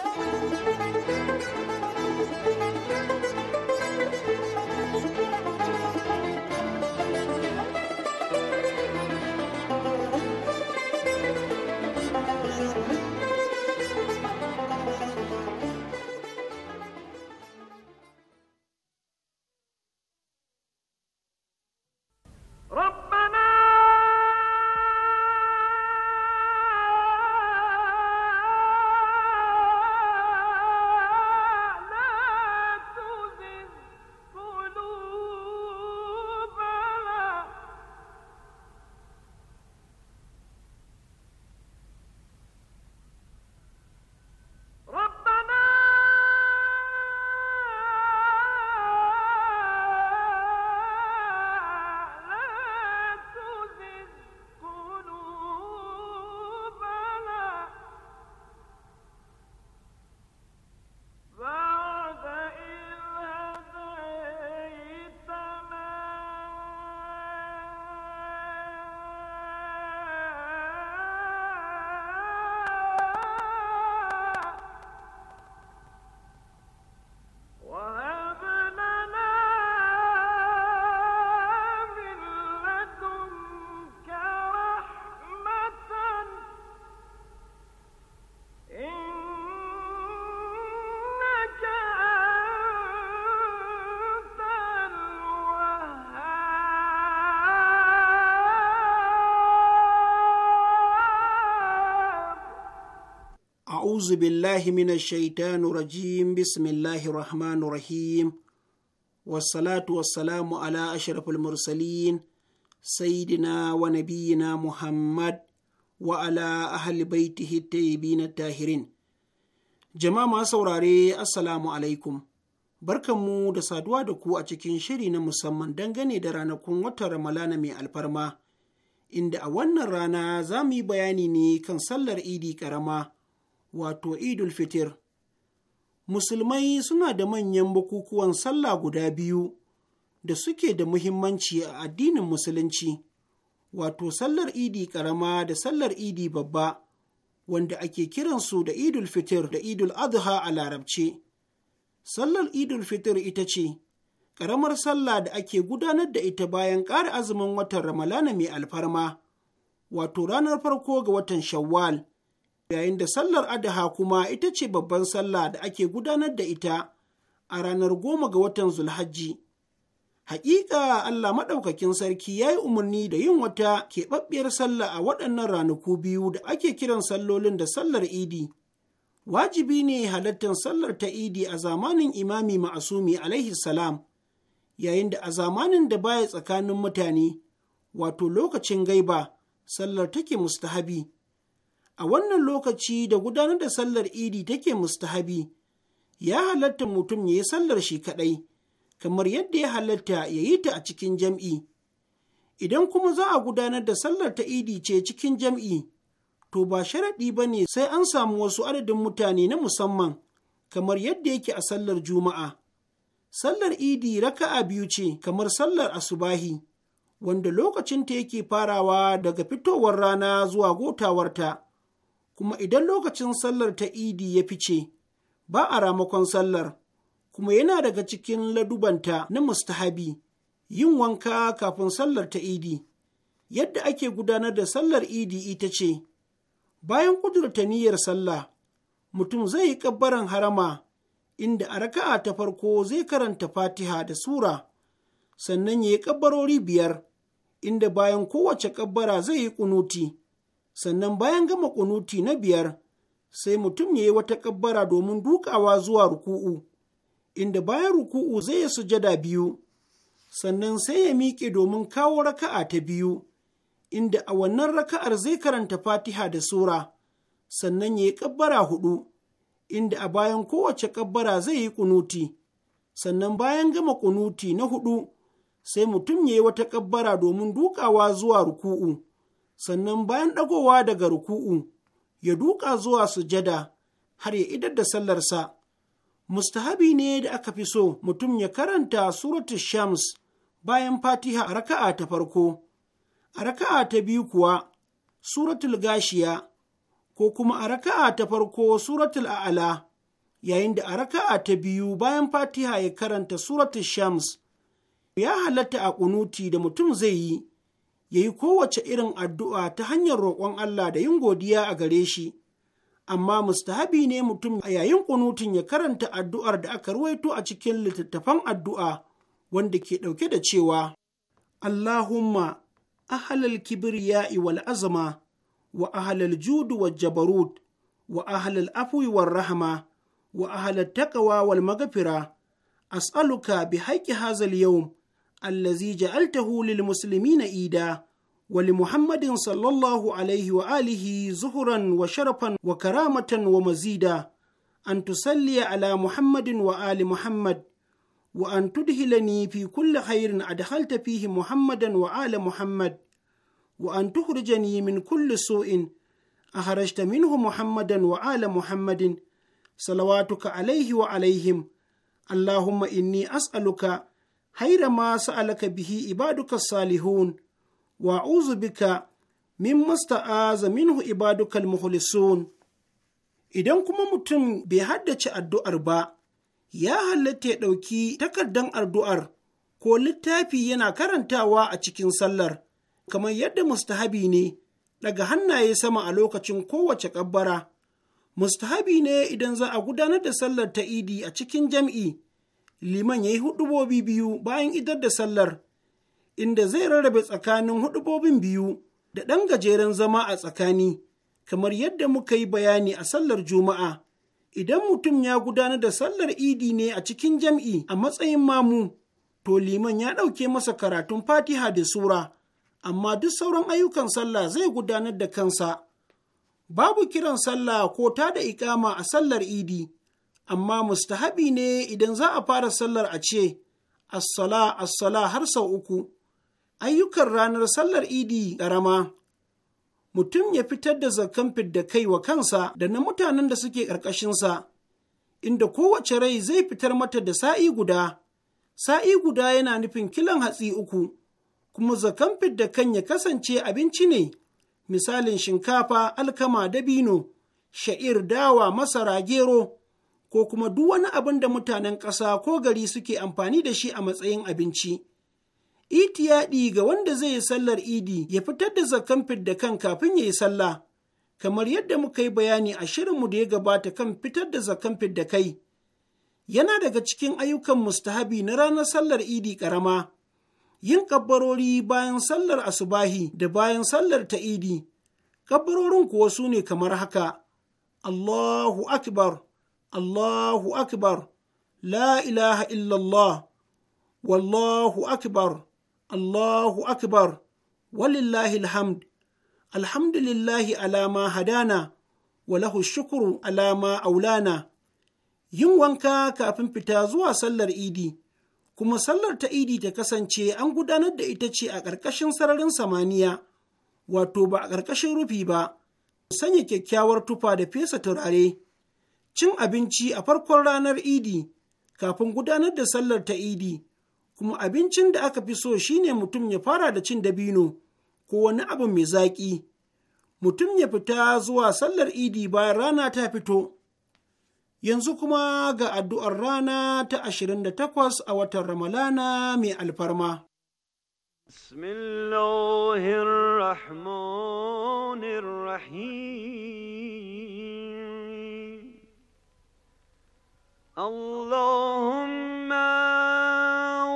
أعوذ بالله من الشيطان الرجيم بسم الله الرحمن الرحيم والصلاة والسلام على أشرف المرسلين سيدنا ونبينا محمد وعلى أهل بيته الطيبين الطاهرين جماعة سوراري السلام عليكم barkanmu da saduwa da ku a cikin shiri na musamman dangane da ranakun watan Ramalana mai alfarma, inda a wannan rana za mu yi bayani ne kan sallar idi ƙarama wato idul fitir musulmai suna da manyan bukukuwan sallah guda biyu da suke da muhimmanci a addinin musulunci wato sallar idi karama da sallar idi babba wanda ake kiransu da idul fitir da idul adha a larabce sallar idul fitir ita ce ƙaramar sallah da ake gudanar da ita bayan ƙara azumin watan ramalana mai alfarma wato ranar farko ga watan shawwal yayin da sallar adaha kuma ita ce babban sallah da ake gudanar da ita a ranar goma ga watan zulhajji Hakika Allah maɗaukakin sarki ya yi umarni da yin wata keɓaɓɓiyar sallah a waɗannan ranaku biyu da ake kiran sallolin da sallar idi. Wajibi ne halattar sallar ta idi a zamanin imami ma'asumi alaihi salam, yayin da a zamanin da baya tsakanin mutane, wato lokacin gaiba, sallar take mustahabi. a wannan lokaci da gudanar da sallar idi take mustahabi ya halatta mutum ya yi sallar shi kaɗai kamar yadda ya halatta ya yi ta a cikin jam'i idan kuma za a gudanar da sallar ta idi ce cikin jam'i to ba sharaɗi ba ne sai an samu wasu adadin mutane na musamman kamar yadda yake a sallar juma'a sallar idi raka'a biyu ce kamar sallar asubahi wanda lokacinta yake farawa daga fitowar rana zuwa gotawarta kuma idan lokacin sallar ta idi ya fice ba a ramakon sallar kuma yana daga cikin ladubanta na mustahabi yin wanka kafin sallar ta idi yadda ake gudanar da sallar idi ita ce bayan kudurta niyyar sallah mutum zai yi ƙabbaran harama inda a raka'a ta farko zai karanta fatiha da sura sannan ya yi ƙabbarori biyar inda bayan kowace ƙabbara zai yi ƙunuti sannan bayan gama kunuti na biyar sai mutum ya yi wata kabbara domin dukawa zuwa ruku'u inda bayan ruku'u zai yi sujada biyu sannan sai ya miƙe domin kawo raka'a ta biyu inda a wannan raka'ar zai karanta fatiha da sura sannan ya yi kabbara hudu inda a bayan kowace kabbara zai yi kunuti sannan bayan gama kunuti na hudu sai mutum ya yi wata kabbara domin dukawa zuwa ruku'u sannan bayan ɗagowa daga ruku'u ya duƙa zuwa sujada har ya idar da sallarsa. Mustahabi ne da aka fi so mutum ya karanta suratu Shams bayan Fatiha a raka'a ta farko, a raka'a ta biyu kuwa suratul Gashiya ko kuma a raka'a ta farko suratul A'ala, yayin da a raka'a ta biyu bayan Fatiha ya karanta suratul Shams. Ya halatta a kunuti da mutum zai yi. ya yi kowace irin addu'a ta hanyar roƙon Allah da yin godiya a gare shi, amma mustahabi ne mutum a yayin kunutun ya karanta addu'ar da aka ruwaito a cikin littattafan addu'a wanda ke ɗauke da cewa, Allahumma ahalal kibriya'i wal azama wa ahalal judu wa jabarut wa ahalal Afuwi wal rahama wa ahalal taqwa wal magafira as'aluka bi haƙi hazal yau. allazi ja'altahu lil muslimina ida wa muhammadin sallallahu alaihi wa alihi zuhuran wa sharafan wa karamatan wa mazida an tusalliya ala muhammadin wa ali muhammad wa an tudhilani fi kulli khairin adkhalta fihi muhammadan wa ala muhammad wa an tukhrijani min kulli su'in akhrajta minhu muhammadan wa ala muhammadin salawatuka alaihi wa alaihim allahumma inni as'aluka haira ma sa'alaka bihi ibaduka salihun wa bika min musta'aza minhu ibaduka mukhlisun idan kuma mutum bai haddace addu'ar ba ya halatta ya ɗauki takardan addu'ar ko littafi yana karantawa a cikin sallar kamar yadda mustahabi ne daga hannaye sama a lokacin kowace ƙabbara mustahabi ne idan za a gudanar da sallar ta idi a cikin jam'i liman ya yi huɗubobi biyu bayan idar da sallar, inda zai rarrabe tsakanin huɗubobin biyu da ɗan gajeren zama a tsakani, kamar yadda muka yi bayani a sallar Juma'a. Idan mutum ya gudanar da sallar idi ne a cikin jam'i a matsayin mamu, to liman ya ɗauke masa karatun fatiha da sura, amma duk sauran ayyukan sallah zai gudanar da kansa. Babu kiran sallah ko ta da ikama a sallar idi. amma mustahabi ne idan za a fara sallar a ce assala assala har sau uku ayyukan ranar sallar idi ƙarama mutum ya fitar da zakan fidda kai wa kansa da na mutanen da suke ƙarƙashinsa inda kowace rai zai fitar mata da sa'i guda sa'i guda yana nufin kilan hatsi uku kuma zakan fidda kan ya kasance abinci ne misalin shinkafa alkama dabino sha'ir dawa masara gero ko kuma duk wani abin da mutanen ƙasa ko gari suke amfani da shi a matsayin abinci. Itiyaɗi ga wanda zai yi sallar idi ya fitar da zakan da kan kafin ya yi sallah, kamar yadda muka yi bayani a shirinmu da ya gabata kan fitar da zakan da kai. Yana daga cikin ayyukan mustahabi na ranar sallar idi ƙarama, yin ƙabbarori bayan sallar asubahi da bayan sallar ta idi. Ƙabbarorin kuwa su ne kamar haka, Allahu Akbar. Allahu akbar la ilaha illallah wallahu akbar Allahu akbar walillahi alhamd alhamdulillahi alama hadana walahu shukuru alama aulana yin wanka kafin fita zuwa sallar idi kuma sallar ta idi ta kasance an gudanar da ita ce a ƙarƙashin sararin samaniya wato ba a ƙarƙashin rufi ba sanya kyakkyawar tufa da fesa turare cin abinci a farkon ranar idi kafin gudanar da sallar ta idi kuma abincin da aka fi so shine mutum ya fara da cin dabino ko wani abu mai zaƙi mutum ya fita zuwa sallar idi bayan rana ta fito yanzu kuma ga addu'ar rana ta 28 a watan ramalana mai alfarma بسم اللهم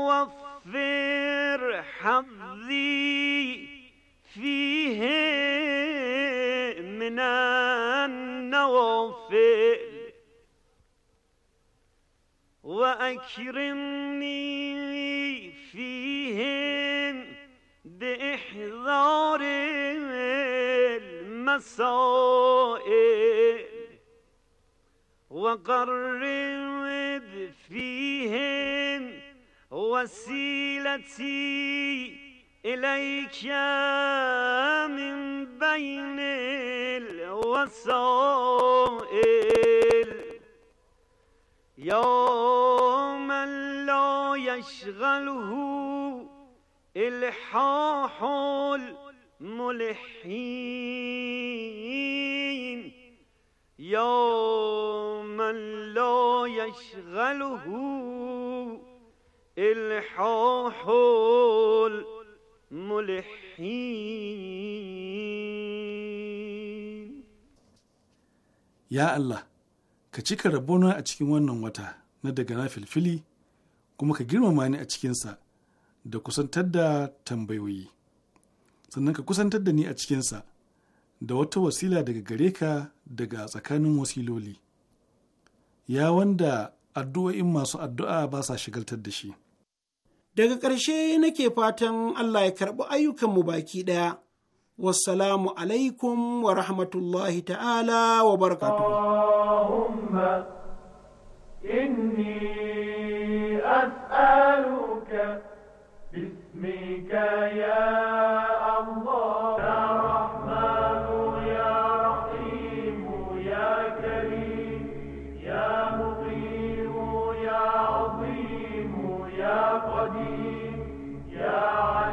وفر حظي فيه من النوافل وأكرمني فيه بإحضار المسائل وقرب فيهم وسيلتي إليك من بين الوسائل يا من لا يشغله الحاح الملحين يا من لا يشغله الحاح الملحين يا الله ka cika rabona a cikin wannan wata na daga na filfili kuma ka girmama ni a cikinsa da kusantar da tambayoyi sannan ka kusantar da ni a cikinsa da wata wasila daga gare ka daga tsakanin wasiloli ya wanda addu'o'in masu addu'a ba sa shigaltar da shi daga ƙarshe nake fatan allah ya karɓi ayyukanmu baki ɗaya wassalamu alaikum wa rahmatullahi ta'ala wa barakatuhu إني أسألك باسمك يا down.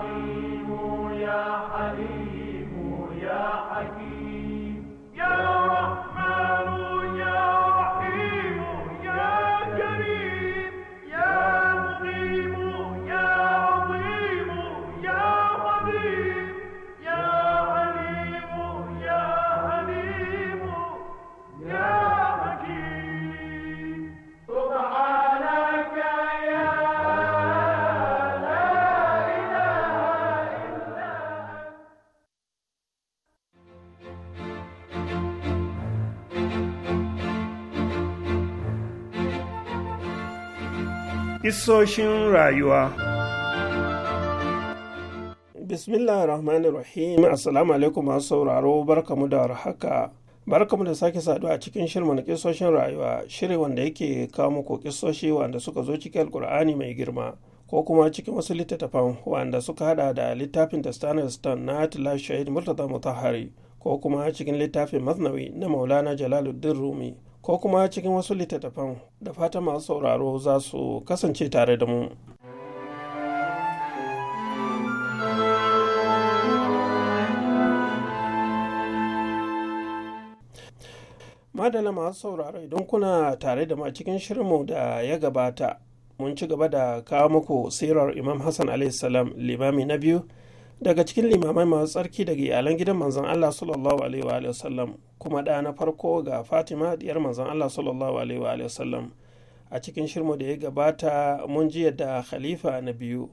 Isoshin rayuwa Bismillah ar rahim Assalamu alaikum masu sauraro barkamu da warhaka. Barkamu da sake saduwa a cikin shirma na kisoshin rayuwa shirin wanda yake kawo muku kisoshi wanda suka zo cikin alkur'ani mai girma ko kuma cikin wasu littattafan wanda suka hada da littafin da Stone na Atila Shahid Murtaza Mutahari ko kuma cikin littafin Masnawi na Maulana Jalaluddin Rumi ko kuma cikin wasu littattafan da fata masu sauraro za su kasance tare da mu. madala masu sauraro idan kuna tare da mu a cikin shirinmu da ya gabata mun ci gaba da kawo muku sirar imam hassan salam limami na biyu daga cikin limamai masu tsarki daga iyalan gidan manzon Allah sallallahu alaihi wa sallam kuma ɗa na farko ga Fatima diyar manzon Allah sallallahu alaihi wa sallam a cikin shirmu da ya gabata mun ji da khalifa na biyu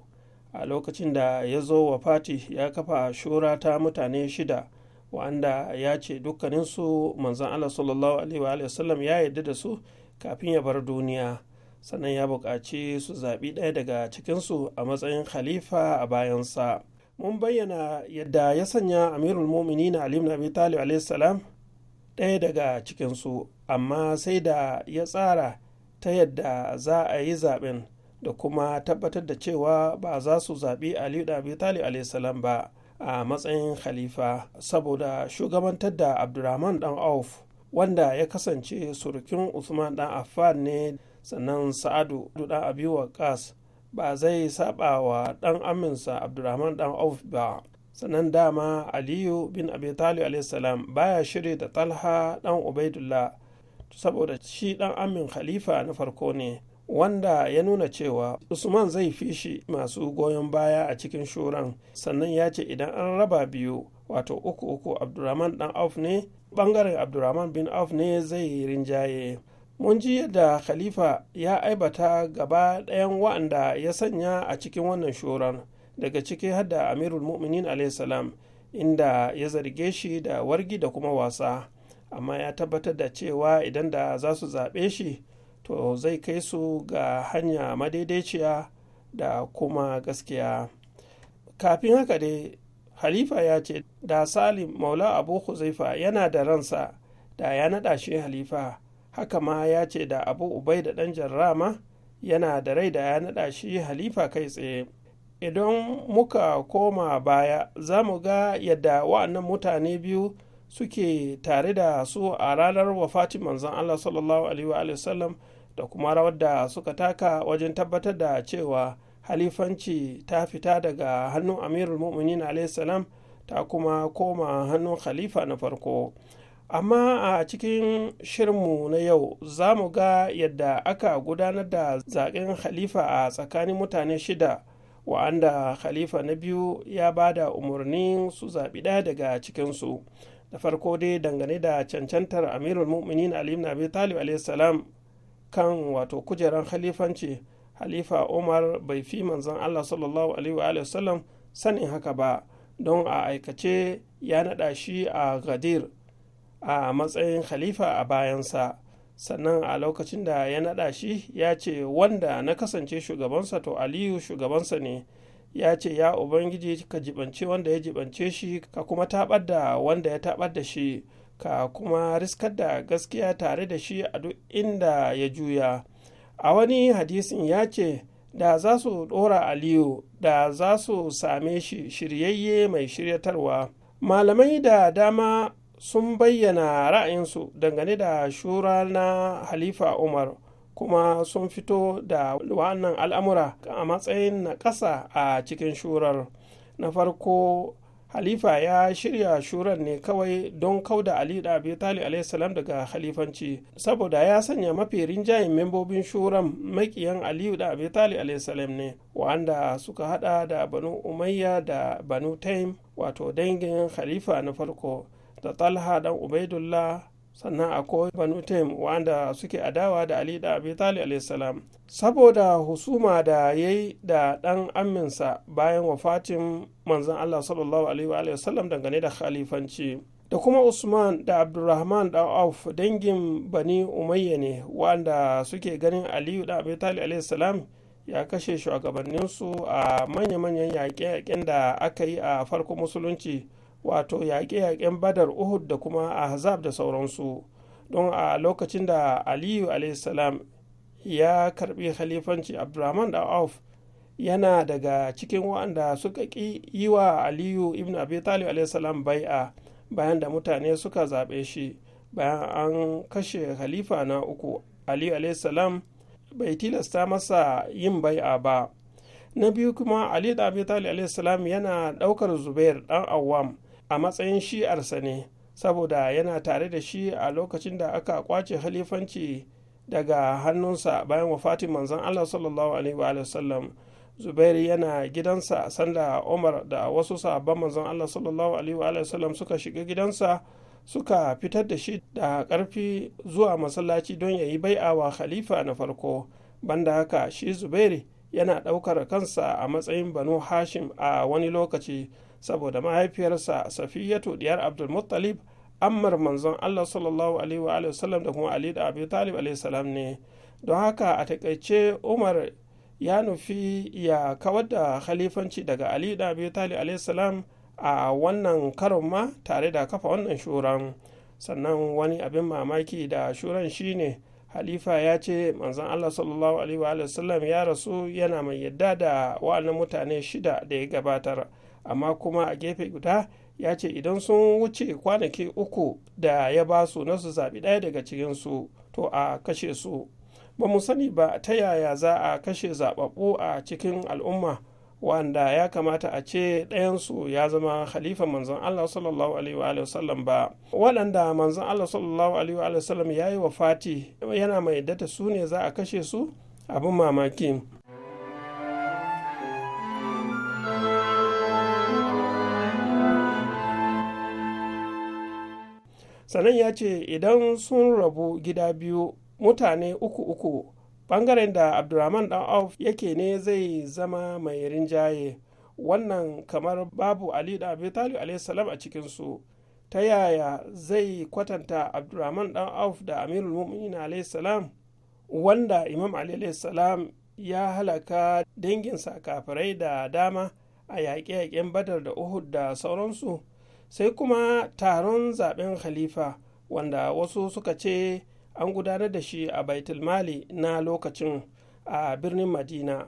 a lokacin da ya zo wa fati ya kafa shura ta mutane shida wanda ya ce dukkaninsu manzon Allah sallallahu alaihi wa sallam ya yarda da su kafin ya bar duniya sannan ya buƙaci su zaɓi ɗaya daga cikinsu a matsayin khalifa a bayansa. mun bayyana yadda ya sanya amirul na alim na abitali salam ɗaya daga cikinsu amma sai da ya tsara ta yadda za a yi zaɓen da kuma tabbatar da cewa ba za su zaɓi aliyu da abi salam ba a matsayin khalifa saboda shugabantar da abdurrahman dan auf wanda ya kasance surukin usman dan affan ne sannan sa'adu dan abi waqas ba zai saba wa ɗan aminsa abdulrahman ɗan auf ba sannan dama aliyu bin abi talib alaihissalam baya shirya da talha ɗan ubaidullah saboda shi ɗan amin khalifa na farko ne wanda ya nuna cewa usman zai fi shi masu goyon baya a cikin shuran sannan ya ce idan an raba biyu wato uku uku abdulrahman ɗan auf ne ɓangaren abdulrahman bin auf ne zai rinjaye mun ji yadda khalifa ya aibata gaba ɗayan wa'anda ya sanya a cikin wannan shoran daga ciki hadda amirul mu'minin salam inda ya zarge shi da wargi da kuma wasa amma ya tabbatar da cewa idan da za su zaɓe shi to zai kai su ga hanya madaidaiciya da kuma gaskiya kafin haka dai halifa ya ce da salim maula abu huzaifa yana da ransa da ya naɗa shi halifa haka ma ya ce da abu ubai da ɗan jarrama yana da rai da ya naɗa shi halifa kai tsaye idan muka koma baya za mu ga yadda wa'annan mutane biyu suke tare da su a ranar wafati manzon allah sallallahu alaihi sallam da kuma rawar da suka taka wajen tabbatar da cewa halifanci ta fita daga hannun amirul mu'minin salam ta kuma koma hannun khalifa na farko amma a cikin shirinmu na yau za mu ga yadda aka gudanar da zaɓen khalifa a tsakanin mutane shida wa'anda khalifa na biyu ya ba da umarnin su zaɓi ɗaya daga cikinsu da farko dai dangane da cancantar amirul mu'minin ali ibn abi talib salam kan wato kujeran khalifanci halifa umar bai fi manzon allah sallallahu alaihi wa sallam sanin haka ba don a aikace ya naɗa shi a gadir a matsayin khalifa a bayansa sannan a lokacin da ya naɗa shi ya ce wanda na kasance shugabansa to aliyu shugabansa ne ya ce ya ubangiji ka jibance wanda ya jibance shi ka kuma taɓar da wanda ya taɓar da shi ka kuma riskar da gaskiya tare da shi a duk inda ya juya a wani hadisin ya ce da za su ɗora aliyu da za su same shi shiryayye mai shiryatarwa malamai da dama sun bayyana ra'ayinsu dangane da shura na halifa umar kuma sun fito da wannan al'amura a matsayin na ƙasa a cikin shurar na farko halifa ya shirya shurar ne kawai don kauda ali da abi tali salam daga khalifanci saboda ya sanya mafi rinjayen membobin shuran makiyan aliyu da abi tali salam ne wanda suka hada da banu umayya da banu taim wato dangin khalifa na farko da talha dan ubaidullah sannan akwai banu tem wanda suke adawa da ali da abi talib saboda husuma da ya yi da dan aminsa bayan wafatin manzon allah sallallahu alaihi wasallam dangane da khalifanci da kuma usman da abdulrahman dan auf dangin bani umayya ne wanda suke ganin aliyu da abi talib ya kashe shugabanninsu a manya-manyan yaƙe-yaƙen da aka yi a farkon musulunci wato yaƙe-yaƙen badar uhud da kuma ahzab da sauransu don a lokacin da aliyu salam ya karbi khalifanci abdulrahman da auf yana daga cikin waɗanda suka ƙi yi wa aliyu ibn abi talib salam bai'a bayan da mutane suka zaɓe shi bayan an kashe khalifa na uku aliyu salam bai tilasta masa yin bai'a ba na biyu kuma ali da abi talib salam yana ɗaukar zubair ɗan awam a matsayin shi'arsa ne saboda yana tare da shi a lokacin da aka kwace halifanci daga hannunsa bayan wafatin manzon Allah sallallahu alaihi wa sallam Zubair yana gidansa sanda Umar da wasu sabon manzon Allah sallallahu alaihi wa sallam suka shiga gidansa suka fitar da shi da karfi zuwa masallaci don ya yi bai'a wa khalifa na farko banda haka shi Zubair yana ɗaukar kansa a matsayin Banu Hashim a wani lokaci saboda mahaifiyarsa safiyatu diyar muttalib ammar manzon allah sallallahu alaihi wa sallam da kuma ali da abu talib alaihi salam ne don haka a takaice umar ya nufi ya kawar da khalifanci daga ali da abu talib alaihi salam a wannan karon ma tare da kafa wannan shuran sannan wani abin mamaki da shuran shine halifa ya ce manzon allah sallallahu alaihi wa sallam ya rasu yana mai yadda da wa'annan mutane shida da ya gabatar amma kuma a gefe guda ya ce idan sun wuce kwanaki uku da ya ba su na su zaɓi ɗaya daga cikinsu to a kashe su ba sani ba ta yaya za a kashe zaɓaɓɓu a cikin al'umma wanda ya kamata a ce ɗayansu ya zama khalifa manzon Allah sallallahu alaihi wa sallam ba waɗanda manzon Allah sallallahu alaihi wa sallam ya yi wa fati yana mai data su ne za a kashe su abin mamaki sannan ya ce idan sun rabu gida biyu mutane uku uku bangaren da abdulrahman dan auf yake ne zai zama mai rinjaye wannan kamar babu ali da abu talib alaihissalam a cikinsu ta yaya zai kwatanta abdulrahman dan auf da amirul mu'minin alaihissalam wanda imam ali alaihissalam ya halaka sa kafirai da dama a yaƙe-yaƙen badar da uhud da sauransu sai kuma taron zaben khalifa wanda wasu suka ce an gudanar da shi a baitulmali na lokacin a birnin madina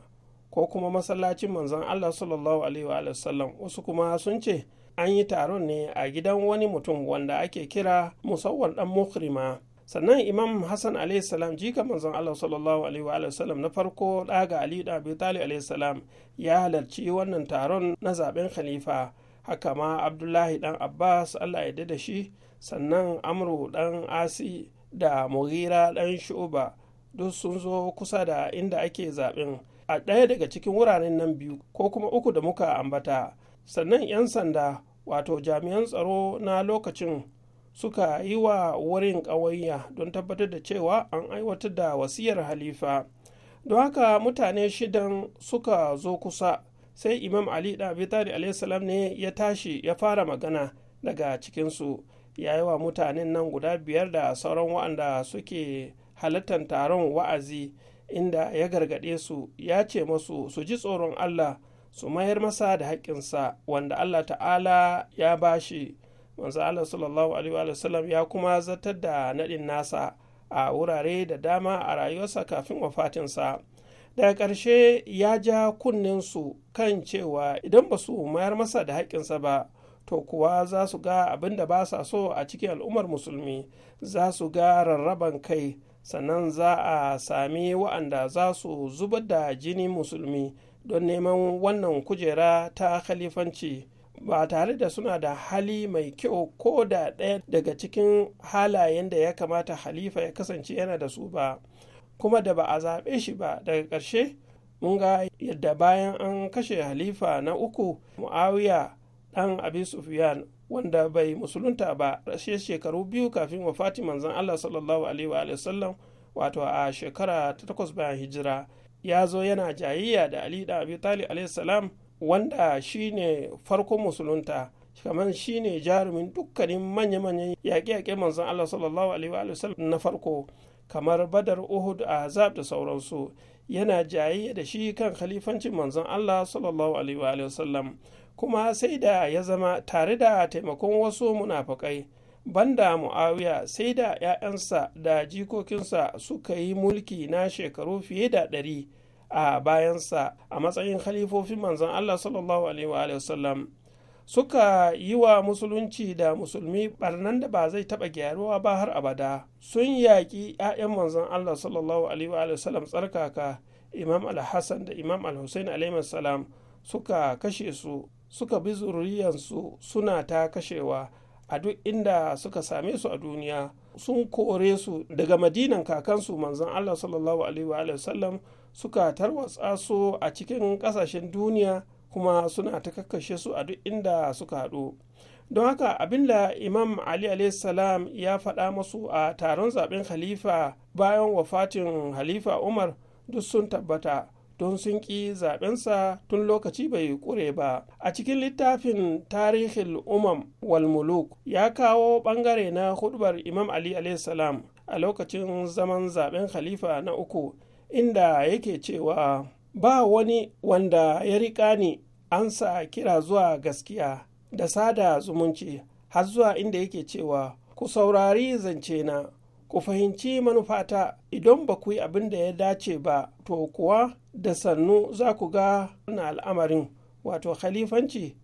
ko kuma masallacin manzon allah sallallahu alaihi wa sallam wasu kuma sun ce an yi taron ne a gidan wani mutum wanda ake kira musawwar dan mukrima sannan imam hassan alaihi salam jika manzon allah sallallahu alaihi wa sallam na farko daga ali da abu talib alaihi salam ya halarci wannan taron na zaben khalifa haka ma abdullahi dan abbas allah ya da shi sannan amru dan asi da mugira dan shuba duk sun zo kusa da inda ake zaɓen a ɗaya daga cikin wuraren nan biyu ko kuma uku da muka ambata sannan 'yan sanda wato jami'an tsaro na lokacin suka yi wa wurin ƙawanya don tabbatar da cewa an aiwatar da wasiyar halifa don haka mutane shidan suka zo kusa sai imam ali da abi alaihissalam ne ya tashi ya fara magana daga cikinsu ya yi wa mutanen nan guda biyar da sauran wa'anda suke halartar taron wa'azi inda ya gargaɗe su ya ce masu su ji tsoron allah su mayar masa da haƙƙinsa wanda allah ta'ala ya bashi manzo allah ya kuma zartar da naɗin nasa a wurare da dama a rayuwarsa kafin wafatinsa daga ƙarshe ya ja kunnen-su kan cewa idan ba su mayar masa da haƙƙinsa ba to kuwa za su ga abin da ba sa so a cikin al'ummar musulmi za su ga rarraban kai sannan za a sami wa'anda za su zubar da jini musulmi don neman wannan kujera ta khalifanci ba tare da suna da hali mai kyau ko da ɗaya daga cikin halayen da ya kamata halifa ya kasance yana da su ba kuma da ba a zaɓe shi ba daga ƙarshe mun ga yadda bayan an kashe halifa na uku muawiya ɗan abi sufyan wanda bai musulunta ba rashe shekaru biyu kafin wafati zan allah sallallahu alaihi wa sallam wato a shekara ta takwas bayan hijira ya zo yana jayayya da ali da abi talib alaihi salam wanda shine farkon musulunta kamar shine jarumin dukkanin manya-manyan yaƙe-yaƙe manzan Allah sallallahu alaihi wa sallam na farko kamar badar uhud a azab da sauransu yana jayayya da shi kan khalifancin manzon allah sallallahu alaihi wa kuma sai da ya zama tare da taimakon wasu munafakai banda mu'awiya sai da 'ya'yansa da jikokinsa suka yi mulki na shekaru fiye da ɗari a bayansa a matsayin khalifofin manzon allah sallallahu alaihi wa suka yi wa musulunci da musulmi barnan da ba zai taɓa gyaruwa ba har abada sun yaƙi 'ya'yan manzon Allah sallallahu alaihi wa sallam tsarkaka imam al-hassan da imam al-hussein alaihi salam suka kashe su suka bi zuriyansu suna ta kashewa a duk inda suka same su a duniya sun kore su daga madinan kakansu manzon Allah sallallahu alaihi wa sallam suka tarwatsa su a cikin ƙasashen duniya kuma suna ta kakkashe su a duk inda suka haɗu don haka abinda imam ali salam ya faɗa masu a taron zaɓen khalifa bayan wafatin halifa umar duk sun tabbata don sun ƙi zaɓensa tun lokaci bai ƙure ba a cikin littafin tarihin umam walmuluk ya kawo ɓangare na hudubar imam ali salam a lokacin zaman zaɓen khalifa na uku inda yake cewa ba wani wanda ya riƙa ni an sa kira zuwa gaskiya da sada zumunci har zuwa inda yake cewa ku saurari zance na ku fahimci manufata idan ba ku yi abin da ya dace ba to kuwa da sannu za ku ga na al'amarin wato khalifanci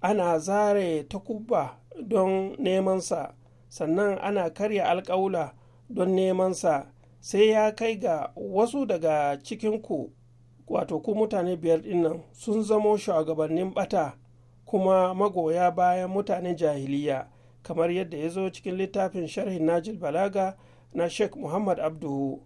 ana zare takubba don neman sa sannan ana karya alkaula don neman sa sai ya kai ga wasu daga cikinku wato ku mutane biyar dinnan sun zamo shugabannin bata kuma magoya bayan mutanen jahiliya kamar yadda ya zo cikin littafin sharhin najil balaga na sheikh muhammad abduhu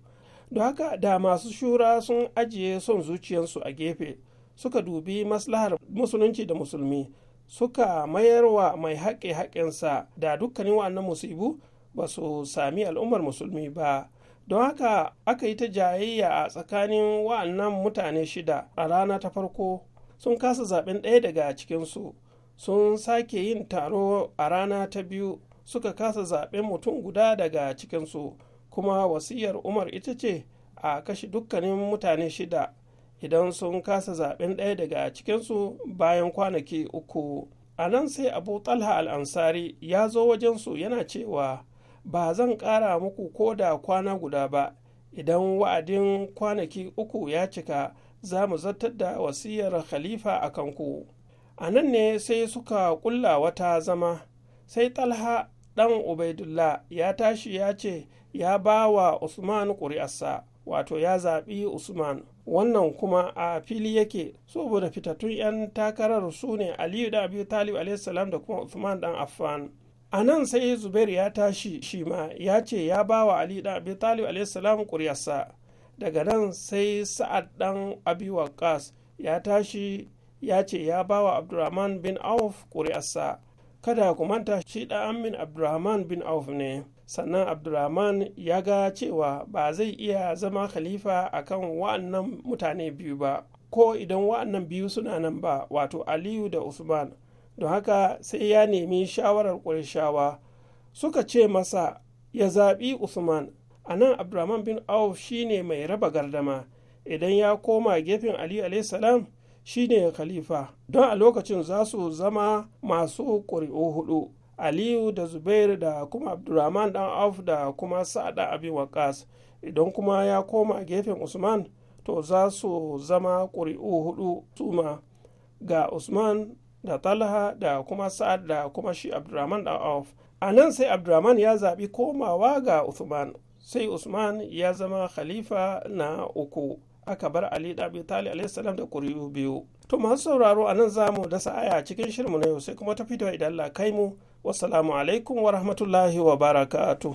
don haka da masu shura sun ajiye son zuciyarsu a gefe suka dubi maslahar musulunci da musulmi suka mayarwa mai haƙe haƙensa da dukkanin wa'annan musibu ba su sami al'ummar musulmi ba don haka aka yi ta jayayya a tsakanin wa'annan mutane shida a rana ta farko sun kasa zaben ɗaya daga cikinsu sun sake yin taro a rana ta biyu suka kasa zaben mutum guda daga cikinsu kuma wasiyar umar ita ce a kashe dukkanin mutane shida idan sun kasa zaben ɗaya daga cikinsu bayan kwanaki uku a nan sai abu talha al'ansari ya zo wajensu yana cewa ba zan ƙara muku ko da kwana guda ba idan wa'adin kwanaki uku ya cika za mu zartar da wasiyar khalifa a kanku a nan ne sai suka ƙulla wata zama sai talha ɗan ubaidullah ya tashi ya ce ya ba wa usman ƙuri'arsa wato ya zaɓi usman wannan kuma a fili yake saboda fitattun 'yan takarar su ne aliyu da abu talib da kuma usman ɗan affan a nan sai zubair ya tashi shi ma ya ce ya ba wa ali da abi talib alaihissalam kuryarsa daga nan sai sa'ad dan abi waqas ya tashi ya ce ya ba wa abdurrahman bin auf kuryarsa kada ku manta shi da amin abdurrahman bin auf ne sannan abdurrahman ya ga cewa ba zai iya zama khalifa akan wa'annan mutane biyu ba ko idan wa'annan biyu suna nan ba wato aliyu da usman don haka sai ya nemi shawarar ƙwarishawa suka ce masa ya zaɓi usman a nan abdurrahman bin auf shine mai raba gardama idan ya koma gefen ali salam shine khalifa don a lokacin za su zama masu ƙuri'u hudu aliyu da zubair da kuma abdurrahman dan auf da kuma sa'ada abi waqas idan kuma ya koma gefen usman to za su zama ƙuri'u hudu suma ga usman da talha da kuma sa'ad da kuma shi abdurrahman da auf a nan sai abdurrahman ya zaɓi komawa ga usman sai usman ya zama khalifa na uku aka bar ali da abu tali alaihissalam da kuriyu biyu to masu sauraro a nan za mu dasa aya cikin shirmu na yau sai kuma ta fito idan la kai mu wassalamu alaikum wa rahmatullahi wa barakatuh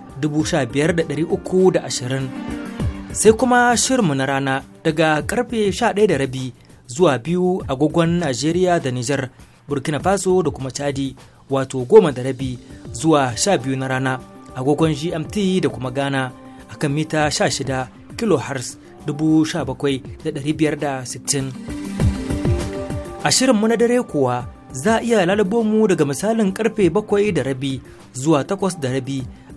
ashirin sai kuma shirmu na rana daga karfe 11:00 zuwa biyu agogon Najeriya da Nijar Burkina Faso da kuma Chadi wato goma da rabi zuwa sha biyu na rana agogon GMT da kuma Ghana a kan mita 16 kHz 17,560 a shirinmu na dare kuwa za a iya lalabo mu daga misalin karfe bakwai da rabi zuwa takwas da rabi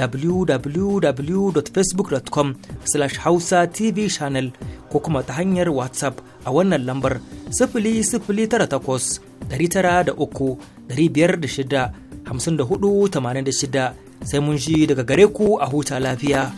www.facebook.com slash hausa tv channel ko kuma ta hanyar whatsapp a wannan lambar sifili sifili da takwas ɗari tara da shida sai mun ji daga gare ku a huta lafiya.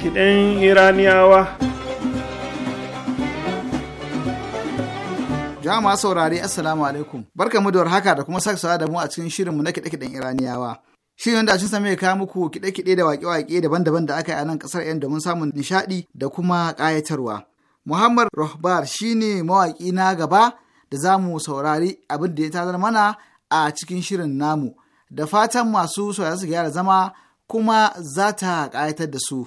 kiɗe iraniyawa jama'a saurari assalamu alaikum barka mu da haka da kuma sake da mu a cikin shirinmu na kiɗe-kiɗen iraniyawa shirin cikin cin same ka muku kiɗe-kiɗe da waƙe-waƙe daban-daban da aka yi a nan ƙasar yan domin samun nishaɗi da kuma ƙayatarwa muhammad rohbar shine mawaƙi na gaba da za mu saurari abin da ya tazar mana a cikin shirin namu da fatan masu saurari su gyara zama kuma za ta ƙayatar da su.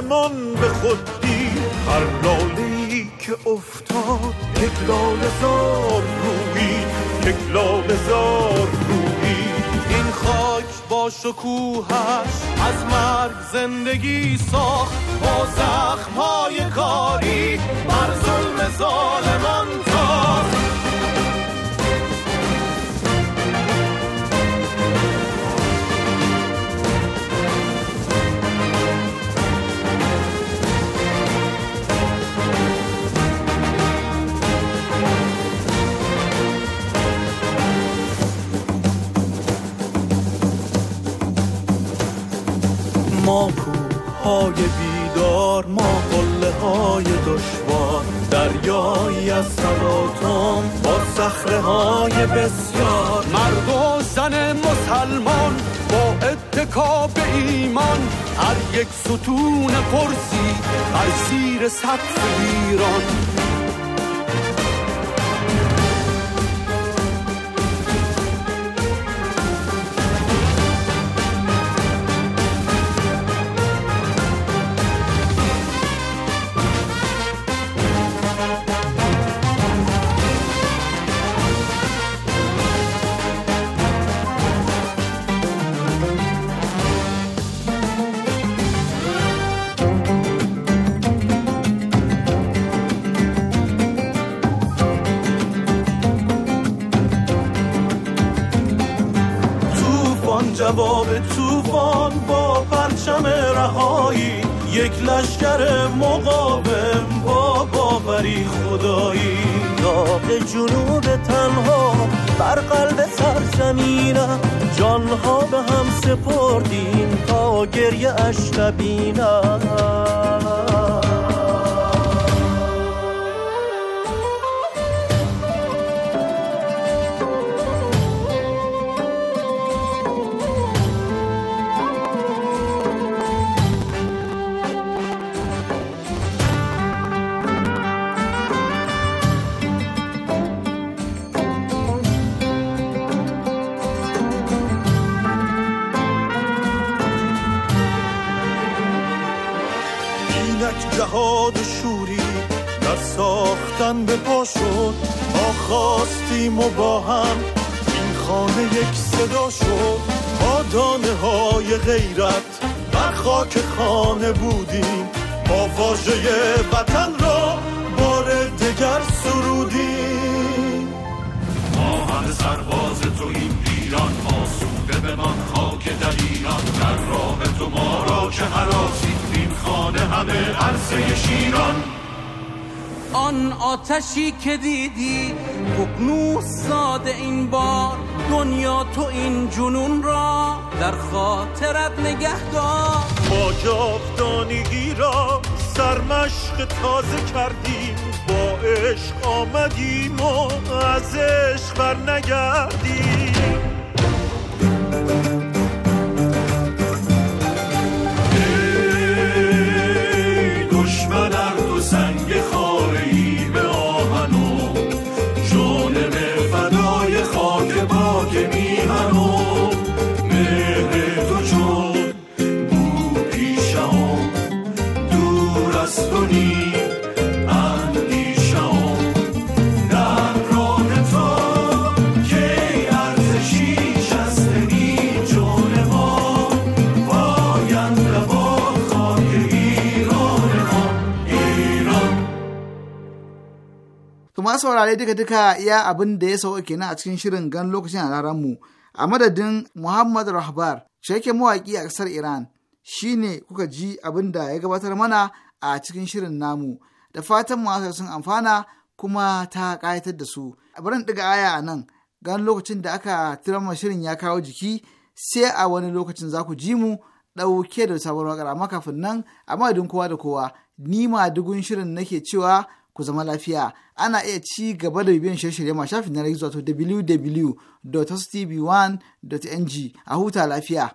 آسمان به خود دید هر لاله که افتاد یک لاله زار روی یک لاله زار روی این خاک با شکوهش از مرگ زندگی ساخت با زخمهای کاری بر ظلم ظالمان تاخت های بیدار ما قله های دشوار دریایی از سلاتم با سخره های بسیار مرد و زن مسلمان با اتکاب ایمان هر یک ستون پرسی بر زیر سقف ایران جواب توفان با پرچم رهایی یک لشکر مقاوم با باوری خدایی داغ جنوب تنها بر قلب سرزمینه جانها به هم سپردیم تا گریه اش بلند پا شد ما خواستیم و با هم این خانه یک صدا شد با دانه های غیرت بر خاک خانه بودیم ما واژه وطن را بار دگر سرودیم ما هم سرباز تو این ایران آسوده به من خاک در ایران در راه تو ما را چه حراسی این خانه همه عرصه شیران آن آتشی که دیدی ققنوس ساده این بار دنیا تو این جنون را در خاطرت نگه دار با جاودانگی را سرمشق تازه کردیم با عشق آمدیم و از عشق نگردیم ma saurare duka duka iya abin da ya sauka kenan a cikin shirin gan lokacin a mu a madadin Muhammad Rahbar shaike mawaƙi a ƙasar Iran shi ne kuka ji abin da ya gabatar mana a cikin shirin namu da fatan masu sun amfana kuma ta ƙayatar da su bari ɗiga aya a nan gan lokacin da aka tirama shirin ya kawo jiki sai a wani lokacin za ku ji mu ɗauke da sabon waƙar amma kafin nan a madadin kowa da kowa ni ma dugun shirin nake cewa ku zama lafiya ana iya ci gaba da bibiyan shirye-shirye ma shafin na gizo wato www.tv1.ng a huta lafiya.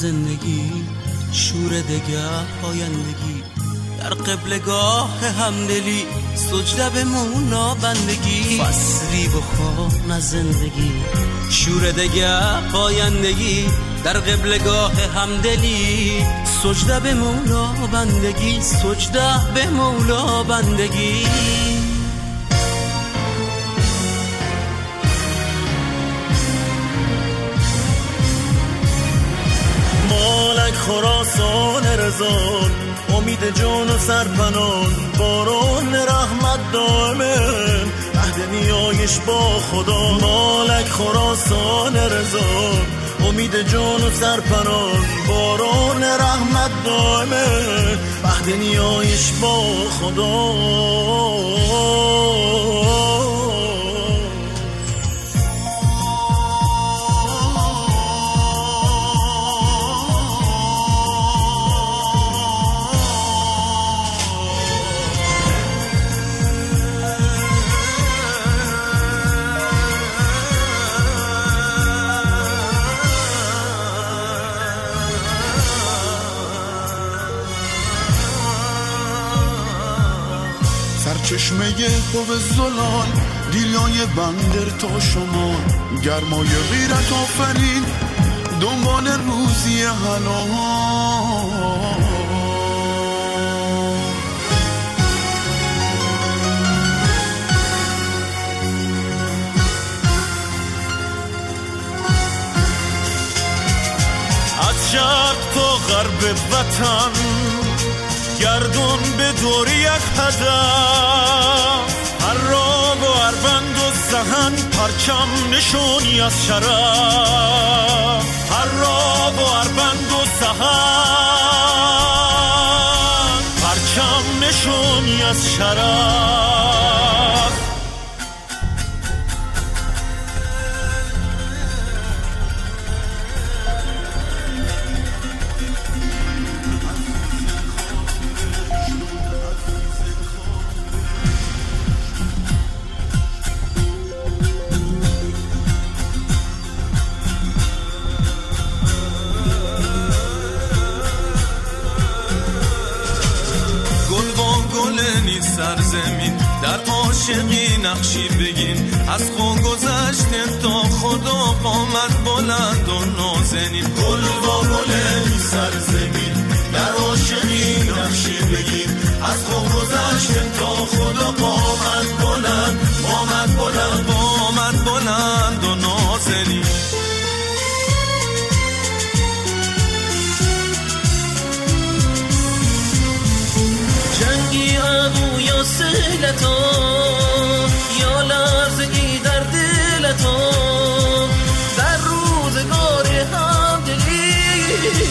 زندگی شور دگه پایندگی در قبلگاه همدلی سجده به مونا بندگی فصلی بخوان از زندگی شور دگه پایندگی در قبلگاه همدلی سجده به مولا بندگی سجده به مولا بندگی خراسان رزان امید جان و سرپنان باران رحمت دائمه عهد نیایش با خدا مالک خراسان رزان امید جان و سرپنان باران رحمت دائمه عهد نیایش با خدا چشمه خوب زلال دیلای بندر تا شما گرمای غیرت آفرین دنبال روزی حلال از شرق تا غرب وطن گردون یک هدف هر راگ و هر بند و زهن پرچم نشونی از شرم هر راگ و هر بند و زهن پرچم نشونی از شرم زمین در عاشقی نقشی بگین از خون گذشته تا خدا قامت بلند و نازنین گل با گل سر زمین در عاشقی نقشی بگین از خون گذشته تا خدا قامت بلند قامت بلند قامت بلند و نازنین مثل تو یا لرزگی در دل تو در روزگار هم دلی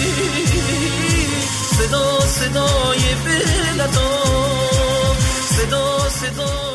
صدا صدای بل تو صدا صدای